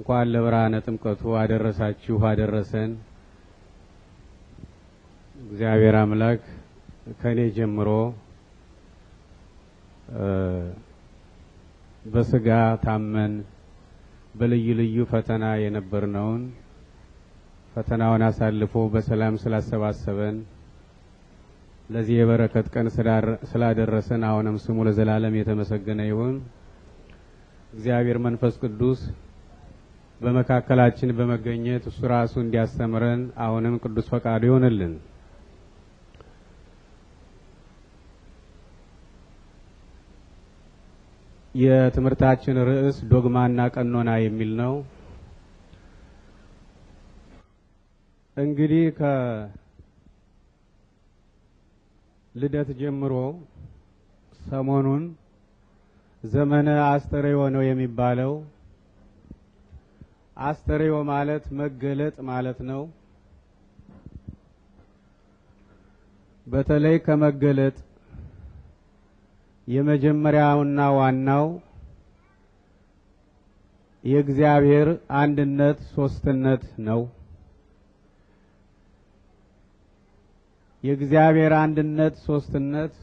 እንኳን ለብርሃነ ጥምቀቱ አደረሳችሁ አደረሰን። እግዚአብሔር አምላክ ከኔ ጀምሮ በስጋ ታመን በልዩ ልዩ ፈተና የነበርነውን ፈተናውን አሳልፎ በሰላም ስላሰባሰበን ለዚህ የበረከት ቀን ስላደረሰን አሁንም ስሙ ለዘላለም የተመሰገነ ይሁን። እግዚአብሔር መንፈስ ቅዱስ በመካከላችን በመገኘት እሱ ራሱ እንዲያስተምረን አሁንም ቅዱስ ፈቃዱ ይሆንልን። የትምህርታችን ርዕስ ዶግማና ቀኖና የሚል ነው። እንግዲህ ከልደት ጀምሮ ሰሞኑን ዘመነ አስተርእዮ ነው የሚባለው አስተርእዮ ማለት መገለጥ ማለት ነው። በተለይ ከመገለጥ የመጀመሪያውና ዋናው የእግዚአብሔር አንድነት ሶስትነት ነው። የእግዚአብሔር አንድነት ሶስትነት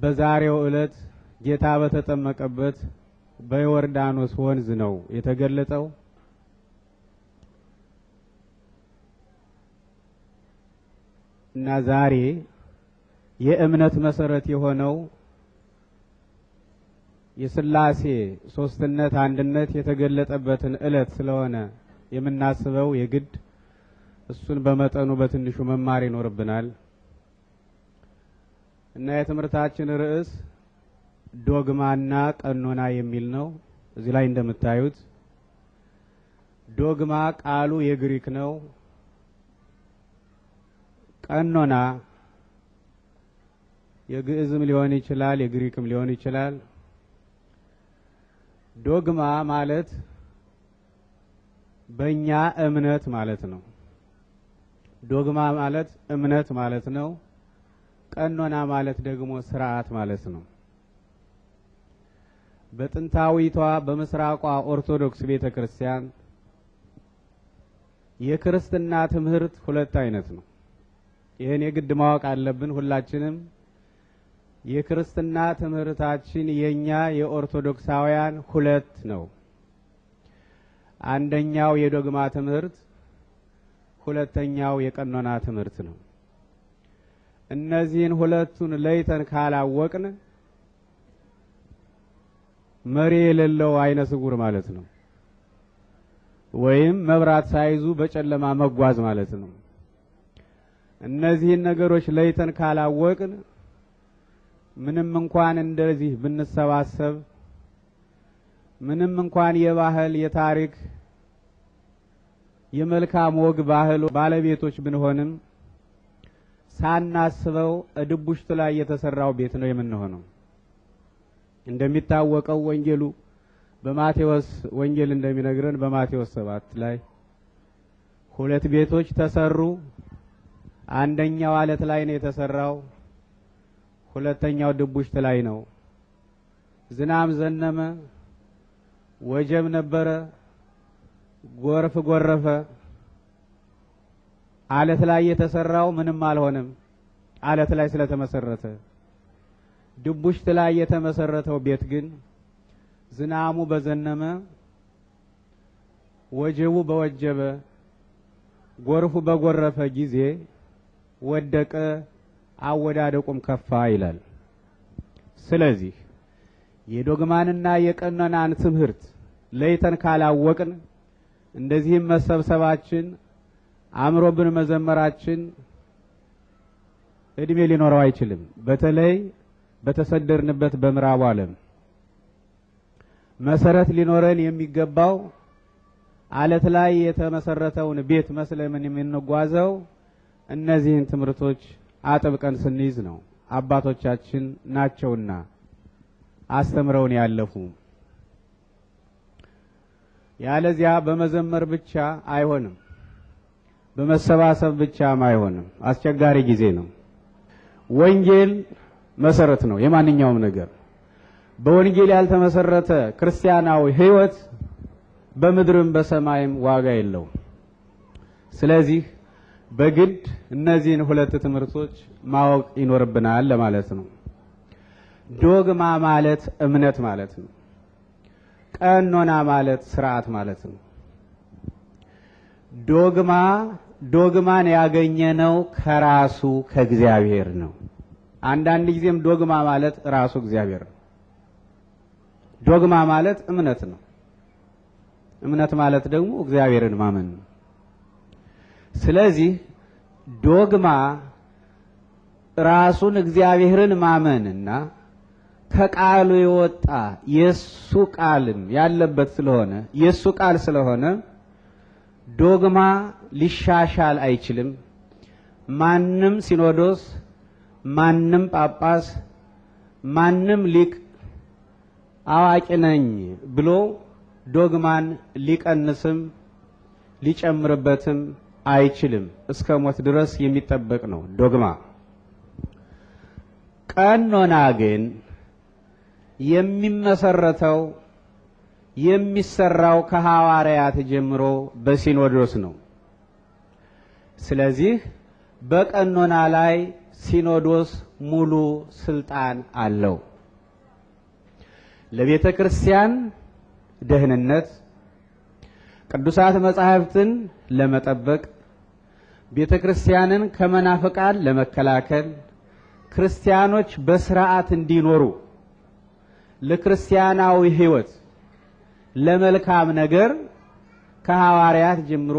በዛሬው ዕለት ጌታ በተጠመቀበት በዮርዳኖስ ወንዝ ነው የተገለጠው። እና ዛሬ የእምነት መሰረት የሆነው የስላሴ ሶስትነት አንድነት የተገለጠበትን እለት ስለሆነ የምናስበው የግድ እሱን በመጠኑ በትንሹ መማር ይኖርብናል እና የትምህርታችን ርዕስ ዶግማና ቀኖና የሚል ነው። እዚህ ላይ እንደምታዩት ዶግማ ቃሉ የግሪክ ነው። ቀኖና የግዕዝም ሊሆን ይችላል፣ የግሪክም ሊሆን ይችላል። ዶግማ ማለት በእኛ እምነት ማለት ነው። ዶግማ ማለት እምነት ማለት ነው። ቀኖና ማለት ደግሞ ስርዓት ማለት ነው። በጥንታዊቷ በምስራቋ ኦርቶዶክስ ቤተ ክርስቲያን የክርስትና ትምህርት ሁለት አይነት ነው። ይህን የግድ ማወቅ አለብን ሁላችንም። የክርስትና ትምህርታችን የእኛ የኦርቶዶክሳውያን ሁለት ነው። አንደኛው የዶግማ ትምህርት፣ ሁለተኛው የቀኖና ትምህርት ነው። እነዚህን ሁለቱን ለይተን ካላወቅን መሪ የሌለው አይነ ስውር ማለት ነው። ወይም መብራት ሳይዙ በጨለማ መጓዝ ማለት ነው። እነዚህን ነገሮች ለይተን ካላወቅን ምንም እንኳን እንደዚህ ብንሰባሰብ፣ ምንም እንኳን የባህል የታሪክ የመልካም ወግ ባህል ባለቤቶች ብንሆንም ሳናስበው እድቡሽት ላይ የተሰራው ቤት ነው የምንሆነው። እንደሚታወቀው ወንጌሉ በማቴዎስ ወንጌል እንደሚነግረን በማቴዎስ ሰባት ላይ ሁለት ቤቶች ተሰሩ። አንደኛው አለት ላይ ነው የተሰራው፣ ሁለተኛው ድቡሽት ላይ ነው። ዝናም ዘነመ፣ ወጀብ ነበረ፣ ጎርፍ ጎረፈ። አለት ላይ የተሰራው ምንም አልሆነም፣ አለት ላይ ስለተመሰረተ ድቡሽት ላይ የተመሰረተው ቤት ግን ዝናሙ በዘነመ ወጀቡ በወጀበ ጎርፉ በጎረፈ ጊዜ ወደቀ፣ አወዳደቁም ከፋ ይላል። ስለዚህ የዶግማንና የቀኖናን ትምህርት ለይተን ካላወቅን እንደዚህም መሰብሰባችን አእምሮብን መዘመራችን እድሜ ሊኖረው አይችልም። በተለይ በተሰደርንበት በምዕራቡ ዓለም መሰረት ሊኖረን የሚገባው አለት ላይ የተመሰረተውን ቤት መስለምን የምንጓዘው እነዚህን ትምህርቶች አጥብቀን ስንይዝ ነው። አባቶቻችን ናቸውና አስተምረውን ያለፉ። ያለዚያ በመዘመር ብቻ አይሆንም፣ በመሰባሰብ ብቻም አይሆንም። አስቸጋሪ ጊዜ ነው። ወንጌል መሰረት ነው የማንኛውም ነገር። በወንጌል ያልተመሰረተ ክርስቲያናዊ ህይወት በምድርም በሰማይም ዋጋ የለውም። ስለዚህ በግድ እነዚህን ሁለት ትምህርቶች ማወቅ ይኖርብናል ለማለት ነው። ዶግማ ማለት እምነት ማለት ነው። ቀኖና ማለት ስርዓት ማለት ነው። ዶግማ ዶግማን ያገኘነው ከራሱ ከእግዚአብሔር ነው። አንዳንድ ጊዜም ዶግማ ማለት ራሱ እግዚአብሔር ነው። ዶግማ ማለት እምነት ነው። እምነት ማለት ደግሞ እግዚአብሔርን ማመን ነው። ስለዚህ ዶግማ ራሱን እግዚአብሔርን ማመንና ከቃሉ የወጣ የሱ ቃልም ያለበት ስለሆነ የሱ ቃል ስለሆነ ዶግማ ሊሻሻል አይችልም። ማንም ሲኖዶስ ማንም ጳጳስ ማንም ሊቅ አዋቂ ነኝ ብሎ ዶግማን ሊቀንስም ሊጨምርበትም አይችልም። እስከ ሞት ድረስ የሚጠበቅ ነው ዶግማ። ቀኖና ግን የሚመሰረተው የሚሰራው ከሐዋርያት ጀምሮ በሲኖዶስ ነው። ስለዚህ በቀኖና ላይ ሲኖዶስ ሙሉ ስልጣን አለው። ለቤተ ክርስቲያን ደህንነት፣ ቅዱሳት መጻሕፍትን ለመጠበቅ፣ ቤተ ክርስቲያንን ከመናፍቃን ለመከላከል፣ ክርስቲያኖች በስርዓት እንዲኖሩ፣ ለክርስቲያናዊ ሕይወት ለመልካም ነገር ከሐዋርያት ጀምሮ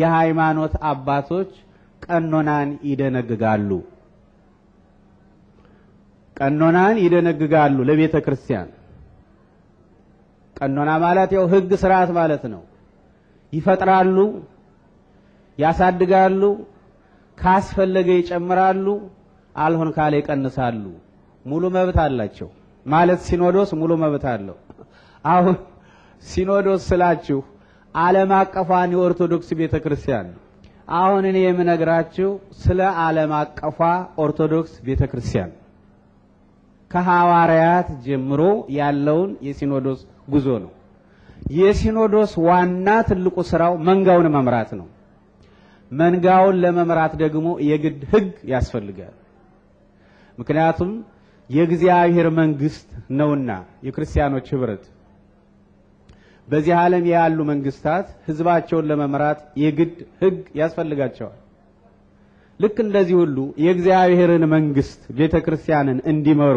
የሃይማኖት አባቶች ቀኖናን ይደነግጋሉ። ቀኖናን ይደነግጋሉ ለቤተ ክርስቲያን። ቀኖና ማለት ያው ሕግ ስርዓት ማለት ነው። ይፈጥራሉ፣ ያሳድጋሉ፣ ካስፈለገ ይጨምራሉ፣ አልሆን ካለ ይቀንሳሉ። ሙሉ መብት አላቸው ማለት ሲኖዶስ ሙሉ መብት አለው። አሁን ሲኖዶስ ስላችሁ ዓለም አቀፏን የኦርቶዶክስ ቤተ ክርስቲያን ነው። አሁን እኔ የምነግራችሁ ስለ ዓለም አቀፏ ኦርቶዶክስ ቤተ ክርስቲያን ከሐዋርያት ጀምሮ ያለውን የሲኖዶስ ጉዞ ነው። የሲኖዶስ ዋና ትልቁ ስራው መንጋውን መምራት ነው። መንጋውን ለመምራት ደግሞ የግድ ሕግ ያስፈልጋል። ምክንያቱም የእግዚአብሔር መንግስት ነውና የክርስቲያኖች ህብረት በዚህ ዓለም ያሉ መንግስታት ህዝባቸውን ለመምራት የግድ ህግ ያስፈልጋቸዋል። ልክ እንደዚህ ሁሉ የእግዚአብሔርን መንግስት ቤተ ክርስቲያንን እንዲመሩ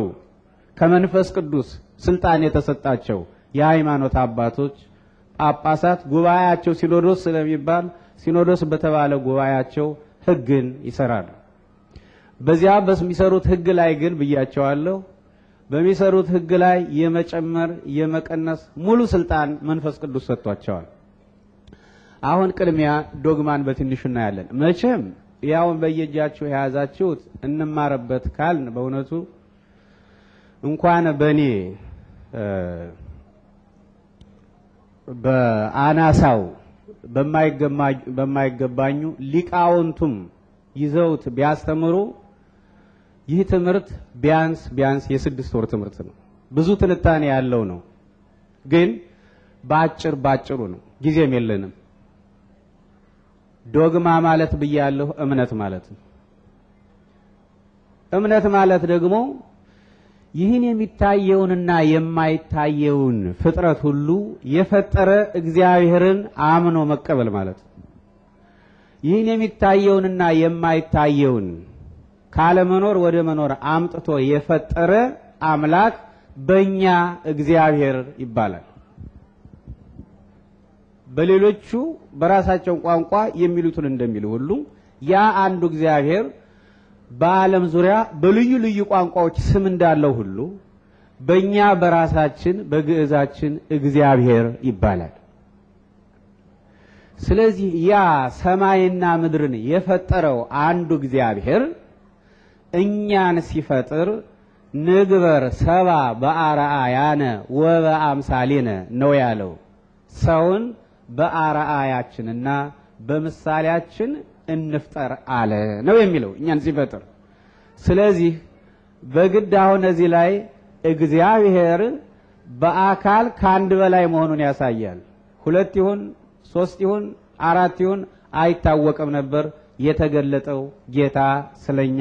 ከመንፈስ ቅዱስ ስልጣን የተሰጣቸው የሃይማኖት አባቶች ጳጳሳት ጉባኤያቸው ሲኖዶስ ስለሚባል ሲኖዶስ በተባለ ጉባኤያቸው ህግን ይሰራሉ። በዚያ በሚሰሩት ህግ ላይ ግን ብያቸዋለሁ በሚሰሩት ሕግ ላይ የመጨመር የመቀነስ ሙሉ ስልጣን መንፈስ ቅዱስ ሰጥቷቸዋል። አሁን ቅድሚያ ዶግማን በትንሹ እናያለን። መቼም ያውን በየእጃችሁ የያዛችሁት እንማረበት ካልን በእውነቱ እንኳን በእኔ በአናሳው በማይገባኙ ሊቃውንቱም ይዘውት ቢያስተምሩ ይህ ትምህርት ቢያንስ ቢያንስ የስድስት ወር ትምህርት ነው። ብዙ ትንታኔ ያለው ነው። ግን በአጭር በአጭሩ ነው፣ ጊዜም የለንም። ዶግማ ማለት ብያለሁ፣ እምነት ማለት ነው። እምነት ማለት ደግሞ ይህን የሚታየውንና የማይታየውን ፍጥረት ሁሉ የፈጠረ እግዚአብሔርን አምኖ መቀበል ማለት ነው። ይህን የሚታየውንና የማይታየውን ካለመኖር ወደ መኖር አምጥቶ የፈጠረ አምላክ በእኛ እግዚአብሔር ይባላል። በሌሎቹ በራሳቸው ቋንቋ የሚሉትን እንደሚሉ ሁሉ ያ አንዱ እግዚአብሔር በዓለም ዙሪያ በልዩ ልዩ ቋንቋዎች ስም እንዳለው ሁሉ በእኛ በራሳችን በግዕዛችን እግዚአብሔር ይባላል። ስለዚህ ያ ሰማይና ምድርን የፈጠረው አንዱ እግዚአብሔር እኛን ሲፈጥር ንግበር ሰባ በአርአያነ አምሳሌነ ነው ያለው። ሰውን በአርአያችንና በምሳሌያችን እንፍጠር አለ ነው የሚለው እኛን ሲፈጥር። ስለዚህ በግድ አሁን እዚህ ላይ እግዚአብሔር በአካል ከአንድ በላይ መሆኑን ያሳያል። ሁለት ይሁን ሶስት ይሁን አራት ይሁን አይታወቅም ነበር። የተገለጠው ጌታ ስለኛ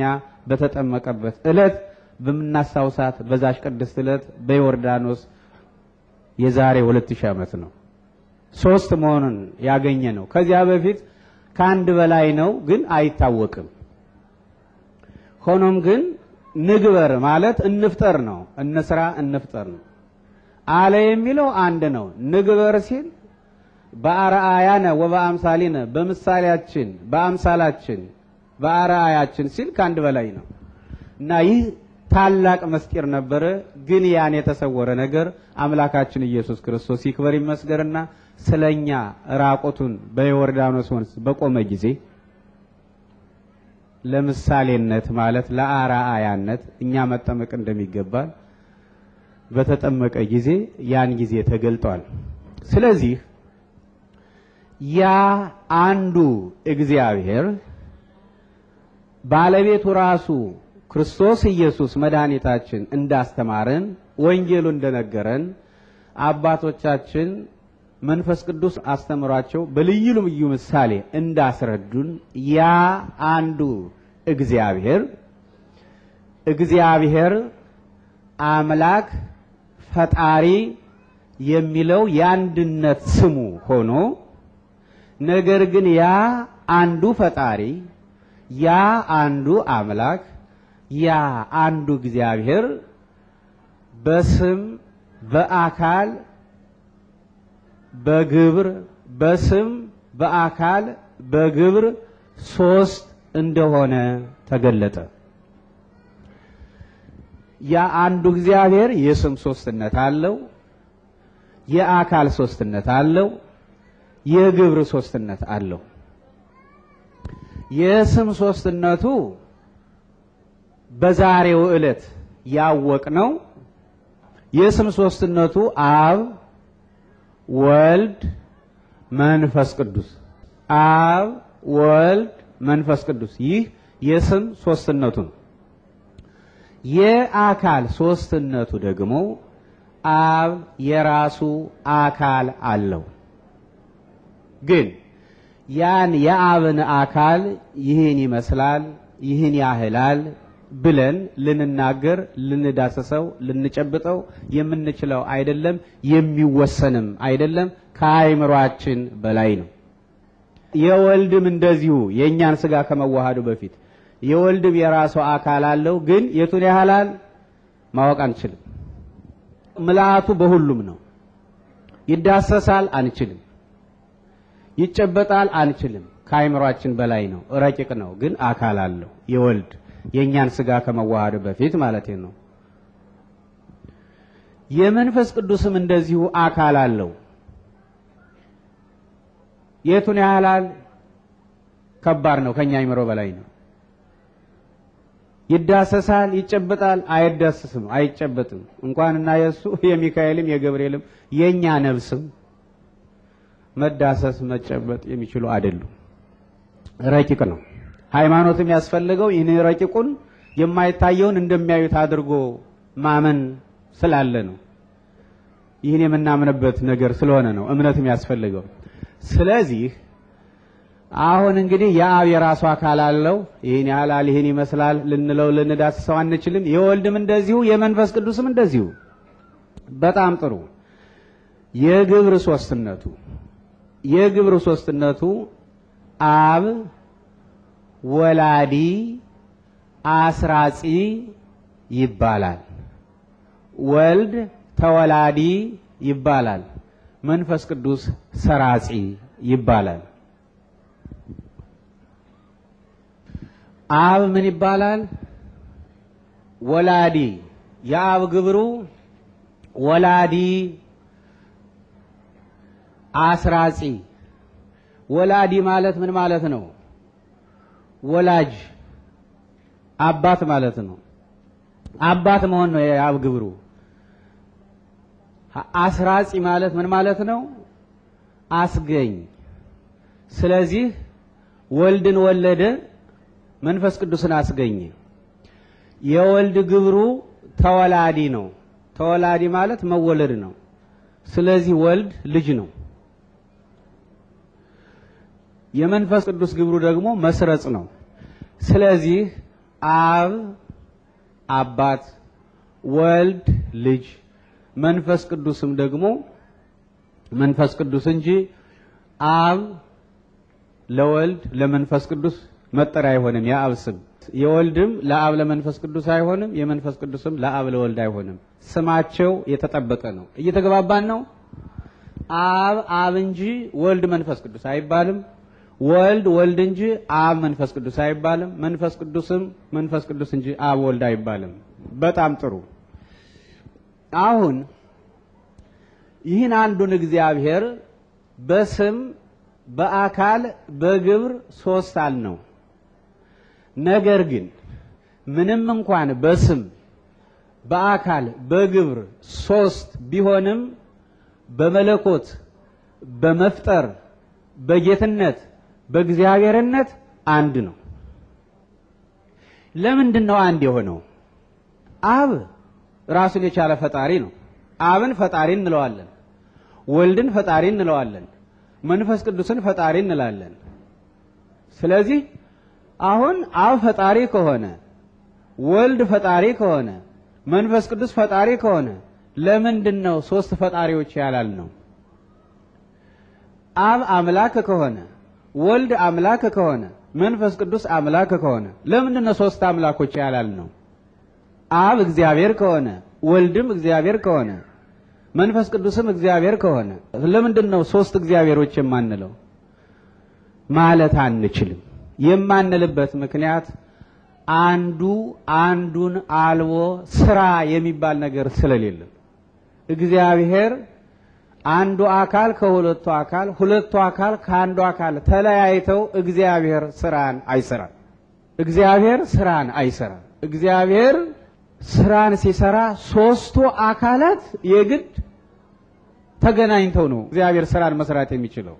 በተጠመቀበት ዕለት በምናስታውሳት በዛሽ ቅድስት ዕለት በዮርዳኖስ የዛሬ 2000 ሺህ ዓመት ነው። ሶስት መሆኑን ያገኘ ነው። ከዚያ በፊት ከአንድ በላይ ነው፣ ግን አይታወቅም። ሆኖም ግን ንግበር ማለት እንፍጠር ነው፣ እንስራ እንፍጠር ነው አለ የሚለው አንድ ነው። ንግበር ሲል በአርአያነ ወበአምሳሊነ በምሳሌያችን በአምሳላችን በአርአያችን ሲል ከአንድ በላይ ነው እና ይህ ታላቅ መስጢር ነበረ። ግን ያን የተሰወረ ነገር አምላካችን ኢየሱስ ክርስቶስ ይክበር ይመስገንና ስለኛ ራቆቱን በዮርዳኖስ ወንዝ በቆመ ጊዜ ለምሳሌነት ማለት ለአርአያነት እኛ መጠመቅ እንደሚገባል በተጠመቀ ጊዜ ያን ጊዜ ተገልጧል። ስለዚህ ያ አንዱ እግዚአብሔር ባለቤቱ ራሱ ክርስቶስ ኢየሱስ መድኃኒታችን እንዳስተማረን ወንጌሉ እንደነገረን አባቶቻችን መንፈስ ቅዱስ አስተምሯቸው በልዩ ልዩ ምሳሌ እንዳስረዱን ያ አንዱ እግዚአብሔር እግዚአብሔር አምላክ ፈጣሪ የሚለው የአንድነት ስሙ ሆኖ ነገር ግን ያ አንዱ ፈጣሪ ያ አንዱ አምላክ ያ አንዱ እግዚአብሔር በስም በአካል በግብር በስም በአካል በግብር ሶስት እንደሆነ ተገለጠ። ያ አንዱ እግዚአብሔር የስም ሶስትነት አለው፣ የአካል ሶስትነት አለው፣ የግብር ሶስትነት አለው። የስም ሶስትነቱ በዛሬው ዕለት ያወቅ ነው። የስም ሶስትነቱ አብ ወልድ መንፈስ ቅዱስ አብ ወልድ መንፈስ ቅዱስ ይህ የስም ሶስትነቱ ነው። የአካል ሶስትነቱ ደግሞ አብ የራሱ አካል አለው ግን ያን የአብን አካል ይህን ይመስላል፣ ይህን ያህላል ብለን ልንናገር፣ ልንዳሰሰው፣ ልንጨብጠው የምንችለው አይደለም፣ የሚወሰንም አይደለም። ከአይምሯችን በላይ ነው። የወልድም እንደዚሁ የእኛን ስጋ ከመዋሃዱ በፊት የወልድም የራሱ አካል አለው። ግን የቱን ያህላል ማወቅ አንችልም። ምልአቱ በሁሉም ነው። ይዳሰሳል፣ አንችልም ይጨበጣል አንችልም። ከአይምሯችን በላይ ነው፣ ረቂቅ ነው። ግን አካል አለው የወልድ የእኛን ስጋ ከመዋሃዱ በፊት ማለት ነው። የመንፈስ ቅዱስም እንደዚሁ አካል አለው። የቱን ያህላል ከባድ ነው? ከኛ አይምሮ በላይ ነው። ይዳሰሳል፣ ይጨበጣል፣ አይዳሰስም፣ አይጨበጥም። እና የእሱ የሚካኤልም የገብርኤልም የእኛ ነብስም መዳሰስ መጨበጥ የሚችሉ አይደሉም። ረቂቅ ነው። ሃይማኖት የሚያስፈልገው ይህን ረቂቁን የማይታየውን እንደሚያዩት አድርጎ ማመን ስላለ ነው። ይህን የምናምንበት ነገር ስለሆነ ነው እምነት የሚያስፈልገው ስለዚህ አሁን እንግዲህ የአብ የራሱ አካል አለው። ይህን ያህላል፣ ይህን ይመስላል ልንለው ልንዳስሰው አንችልም። የወልድም እንደዚሁ፣ የመንፈስ ቅዱስም እንደዚሁ። በጣም ጥሩ የግብር ሶስትነቱ የግብር ሶስትነቱ አብ ወላዲ አስራጺ ይባላል። ወልድ ተወላዲ ይባላል። መንፈስ ቅዱስ ሰራጺ ይባላል። አብ ምን ይባላል? ወላዲ የአብ ግብሩ ወላዲ አስራጺ ወላዲ ማለት ምን ማለት ነው? ወላጅ አባት ማለት ነው። አባት መሆን ነው የአብ ግብሩ። አስራጺ ማለት ምን ማለት ነው? አስገኝ። ስለዚህ ወልድን ወለደ፣ መንፈስ ቅዱስን አስገኘ። የወልድ ግብሩ ተወላዲ ነው። ተወላዲ ማለት መወለድ ነው። ስለዚህ ወልድ ልጅ ነው። የመንፈስ ቅዱስ ግብሩ ደግሞ መስረጽ ነው። ስለዚህ አብ አባት፣ ወልድ ልጅ፣ መንፈስ ቅዱስም ደግሞ መንፈስ ቅዱስ እንጂ አብ ለወልድ ለመንፈስ ቅዱስ መጠሪያ አይሆንም። የአብ ስም የወልድም ለአብ ለመንፈስ ቅዱስ አይሆንም። የመንፈስ ቅዱስም ለአብ ለወልድ አይሆንም። ስማቸው የተጠበቀ ነው። እየተገባባን ነው። አብ አብ እንጂ ወልድ መንፈስ ቅዱስ አይባልም። ወልድ ወልድ እንጂ አብ መንፈስ ቅዱስ አይባልም። መንፈስ ቅዱስም መንፈስ ቅዱስ እንጂ አብ ወልድ አይባልም። በጣም ጥሩ። አሁን ይህን አንዱን እግዚአብሔር በስም በአካል በግብር ሶስት አልነው። ነገር ግን ምንም እንኳን በስም በአካል በግብር ሶስት ቢሆንም በመለኮት በመፍጠር በጌትነት በእግዚአብሔርነት አንድ ነው። ለምንድን ነው አንድ የሆነው? አብ ራሱን የቻለ ፈጣሪ ነው። አብን ፈጣሪ እንለዋለን። ወልድን ፈጣሪ እንለዋለን። መንፈስ ቅዱስን ፈጣሪ እንላለን። ስለዚህ አሁን አብ ፈጣሪ ከሆነ፣ ወልድ ፈጣሪ ከሆነ፣ መንፈስ ቅዱስ ፈጣሪ ከሆነ ለምንድን ነው ሶስት ፈጣሪዎች ያላል ነው? አብ አምላክ ከሆነ ወልድ አምላክ ከሆነ መንፈስ ቅዱስ አምላክ ከሆነ ለምንድን ነው ሶስት አምላኮች ያላል ነው? አብ እግዚአብሔር ከሆነ ወልድም እግዚአብሔር ከሆነ መንፈስ ቅዱስም እግዚአብሔር ከሆነ ለምንድን ነው ሶስት እግዚአብሔሮች የማንለው? ማለት አንችልም። የማንልበት ምክንያት አንዱ አንዱን አልቦ ስራ የሚባል ነገር ስለሌለ እግዚአብሔር አንዱ አካል ከሁለቱ አካል፣ ሁለቱ አካል ከአንዱ አካል ተለያይተው እግዚአብሔር ስራን አይሰራም። እግዚአብሔር ስራን አይሰራም። እግዚአብሔር ስራን ሲሰራ ሶስቱ አካላት የግድ ተገናኝተው ነው እግዚአብሔር ስራን መስራት የሚችለው።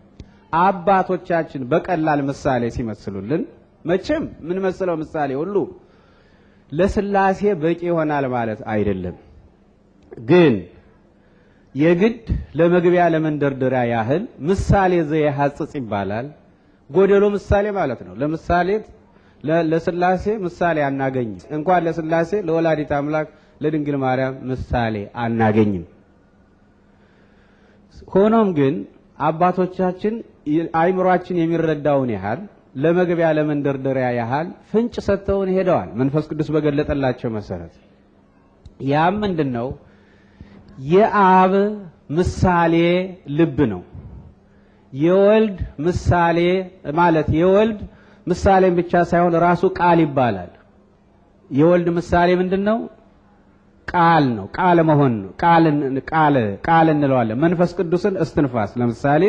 አባቶቻችን በቀላል ምሳሌ ሲመስሉልን መቼም የምንመስለው ምሳሌ ሁሉ ለስላሴ በቂ ይሆናል ማለት አይደለም ግን የግድ ለመግቢያ ለመንደርደሪያ ያህል ምሳሌ ዘየሐጽጽ ይባላል። ጎደሎ ምሳሌ ማለት ነው። ለምሳሌ ለስላሴ ምሳሌ አናገኝም። እንኳን ለስላሴ ለወላዲት አምላክ ለድንግል ማርያም ምሳሌ አናገኝም። ሆኖም ግን አባቶቻችን አይምሯችን የሚረዳውን ያህል ለመግቢያ ለመንደርደሪያ ያህል ፍንጭ ሰጥተውን ሄደዋል። መንፈስ ቅዱስ በገለጠላቸው መሰረት ያ ምንድን ነው? የአብ ምሳሌ ልብ ነው። የወልድ ምሳሌ ማለት የወልድ ምሳሌን ብቻ ሳይሆን ራሱ ቃል ይባላል። የወልድ ምሳሌ ምንድን ነው? ቃል ነው። ቃል መሆን ነው። ቃል ቃል እንለዋለን። መንፈስ ቅዱስን እስትንፋስ። ለምሳሌ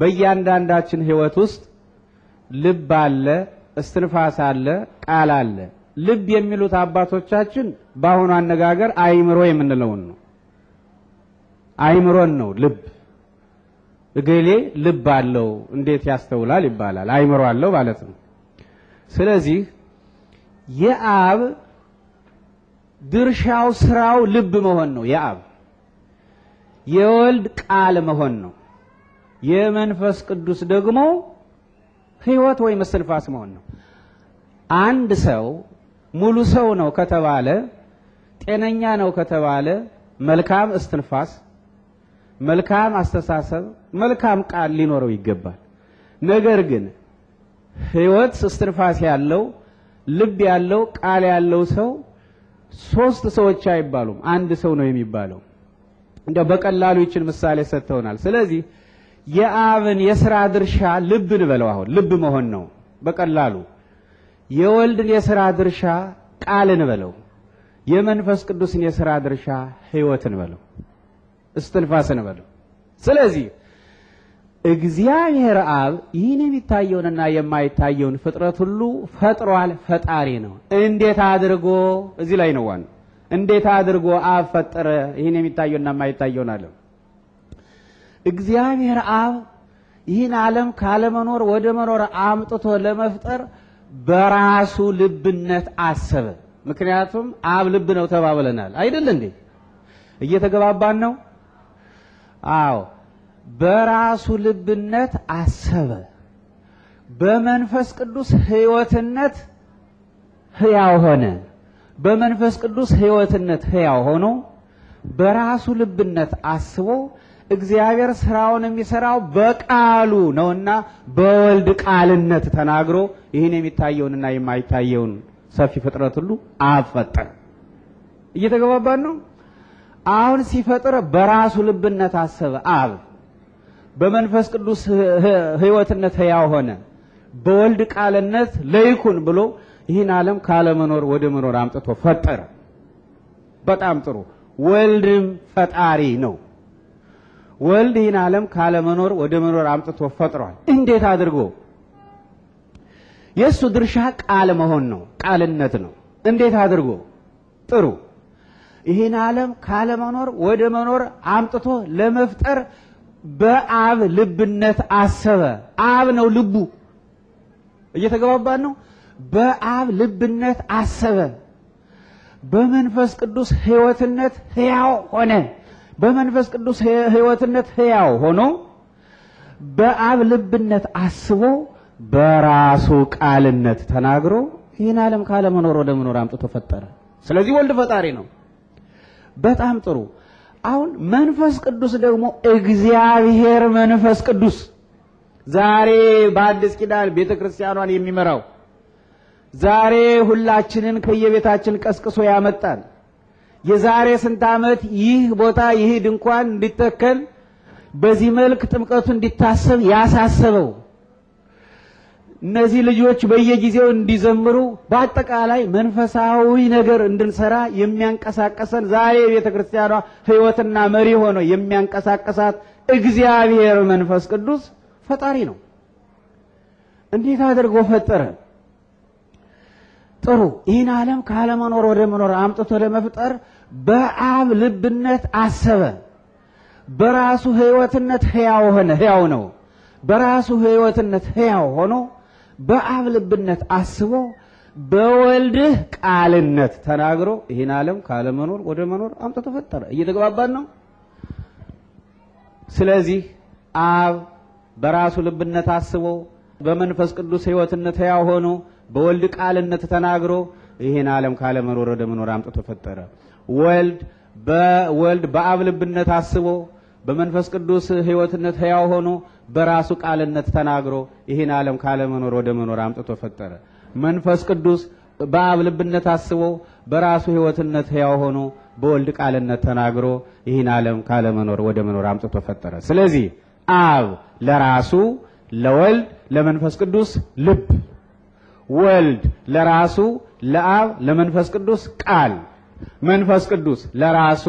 በእያንዳንዳችን ሕይወት ውስጥ ልብ አለ፣ እስትንፋስ አለ፣ ቃል አለ። ልብ የሚሉት አባቶቻችን በአሁኑ አነጋገር አይምሮ የምንለውን ነው። አይምሮን ነው ልብ እገሌ ልብ አለው እንዴት ያስተውላል ይባላል። አይምሮ አለው ማለት ነው። ስለዚህ የአብ ድርሻው ስራው ልብ መሆን ነው። የአብ የወልድ ቃል መሆን ነው። የመንፈስ ቅዱስ ደግሞ ህይወት ወይም እስትንፋስ መሆን ነው። አንድ ሰው ሙሉ ሰው ነው ከተባለ፣ ጤነኛ ነው ከተባለ መልካም እስትንፋስ መልካም አስተሳሰብ፣ መልካም ቃል ሊኖረው ይገባል። ነገር ግን ህይወት እስትንፋስ ያለው ልብ ያለው ቃል ያለው ሰው ሶስት ሰዎች አይባሉም፣ አንድ ሰው ነው የሚባለው። እንደው በቀላሉ ይችን ምሳሌ ሰጥተውናል። ስለዚህ የአብን የስራ ድርሻ ልብ እንበለው፣ አሁን ልብ መሆን ነው በቀላሉ። የወልድን የስራ ድርሻ ቃል እንበለው፣ የመንፈስ ቅዱስን የስራ ድርሻ ህይወት እንበለው። ነው በለው። ስለዚህ እግዚአብሔር አብ ይህን የሚታየውንና የማይታየውን ፍጥረት ሁሉ ፈጥሯል። ፈጣሪ ነው። እንዴት አድርጎ እዚህ ላይ ነው ዋናው። እንዴት አድርጎ አብ ፈጠረ ይህን የሚታየውና የማይታየውን አለ እግዚአብሔር አብ ይህን ዓለም ካለመኖር ወደ መኖር አምጥቶ ለመፍጠር በራሱ ልብነት አሰበ። ምክንያቱም አብ ልብ ነው ተባብለናል አይደል እንዴ? እየተገባባን ነው። አዎ በራሱ ልብነት አሰበ። በመንፈስ ቅዱስ ሕይወትነት ሕያው ሆነ። በመንፈስ ቅዱስ ሕይወትነት ሕያው ሆኖ በራሱ ልብነት አስቦ እግዚአብሔር ስራውን የሚሰራው በቃሉ ነውና በወልድ ቃልነት ተናግሮ ይህን የሚታየውንና የማይታየውን ሰፊ ፍጥረት ሁሉ አፈጠ። እየተገባባን ነው። አሁን ሲፈጥር በራሱ ልብነት አሰበ። አብ በመንፈስ ቅዱስ ሕይወትነት ሕያው ሆነ። በወልድ ቃልነት ለይኩን ብሎ ይህን ዓለም ካለመኖር ወደ መኖር አምጥቶ ፈጠረ። በጣም ጥሩ። ወልድም ፈጣሪ ነው። ወልድ ይህን ዓለም ካለመኖር ወደ መኖር አምጥቶ ፈጥሯል። እንዴት አድርጎ? የእሱ ድርሻ ቃል መሆን ነው፣ ቃልነት ነው። እንዴት አድርጎ? ጥሩ ይህን ዓለም ካለመኖር ወደ መኖር አምጥቶ ለመፍጠር በአብ ልብነት አሰበ። አብ ነው ልቡ። እየተገባባን ነው። በአብ ልብነት አሰበ። በመንፈስ ቅዱስ ሕይወትነት ሕያው ሆነ። በመንፈስ ቅዱስ ሕይወትነት ሕያው ሆኖ በአብ ልብነት አስቦ በራሱ ቃልነት ተናግሮ ይህን ዓለም ካለመኖር ወደ መኖር አምጥቶ ፈጠረ። ስለዚህ ወልድ ፈጣሪ ነው። በጣም ጥሩ። አሁን መንፈስ ቅዱስ ደግሞ እግዚአብሔር መንፈስ ቅዱስ ዛሬ በአዲስ ኪዳን ቤተ ክርስቲያኗን የሚመራው ዛሬ ሁላችንን ከየቤታችን ቀስቅሶ ያመጣን የዛሬ ስንት ዓመት ይህ ቦታ ይህ ድንኳን እንዲተከል በዚህ መልክ ጥምቀቱ እንዲታሰብ ያሳሰበው እነዚህ ልጆች በየጊዜው እንዲዘምሩ በአጠቃላይ መንፈሳዊ ነገር እንድንሰራ የሚያንቀሳቀሰን ዛሬ የቤተ ክርስቲያኗ ሕይወትና መሪ ሆኖ የሚያንቀሳቀሳት እግዚአብሔር መንፈስ ቅዱስ ፈጣሪ ነው። እንዴት አድርጎ ፈጠረ? ጥሩ ይህን ዓለም ካለመኖር ወደ መኖር አምጥቶ ለመፍጠር በአብ ልብነት አሰበ። በራሱ ሕይወትነት ሕያው ሆነ። ሕያው ነው። በራሱ ሕይወትነት ሕያው ሆኖ በአብ ልብነት አስቦ በወልድህ ቃልነት ተናግሮ ይህን ዓለም ካለመኖር ወደ መኖር አምጥቶ ፈጠረ። እየተግባባን ነው። ስለዚህ አብ በራሱ ልብነት አስቦ በመንፈስ ቅዱስ ሕይወትነት ሕያው ሆኖ በወልድ ቃልነት ተናግሮ ይህን ዓለም ካለመኖር ወደ መኖር አምጥቶ ፈጠረ። ወልድ በወልድ በአብ ልብነት አስቦ በመንፈስ ቅዱስ ሕይወትነት ሕያው ሆኖ በራሱ ቃልነት ተናግሮ ይህን ዓለም ካለመኖር ወደ መኖር አምጥቶ ፈጠረ። መንፈስ ቅዱስ በአብ ልብነት አስቦ በራሱ ሕይወትነት ሕያው ሆኖ በወልድ ቃልነት ተናግሮ ይህን ዓለም ካለመኖር ወደ መኖር አምጥቶ ፈጠረ። ስለዚህ አብ ለራሱ ለወልድ ለመንፈስ ቅዱስ ልብ፣ ወልድ ለራሱ ለአብ ለመንፈስ ቅዱስ ቃል፣ መንፈስ ቅዱስ ለራሱ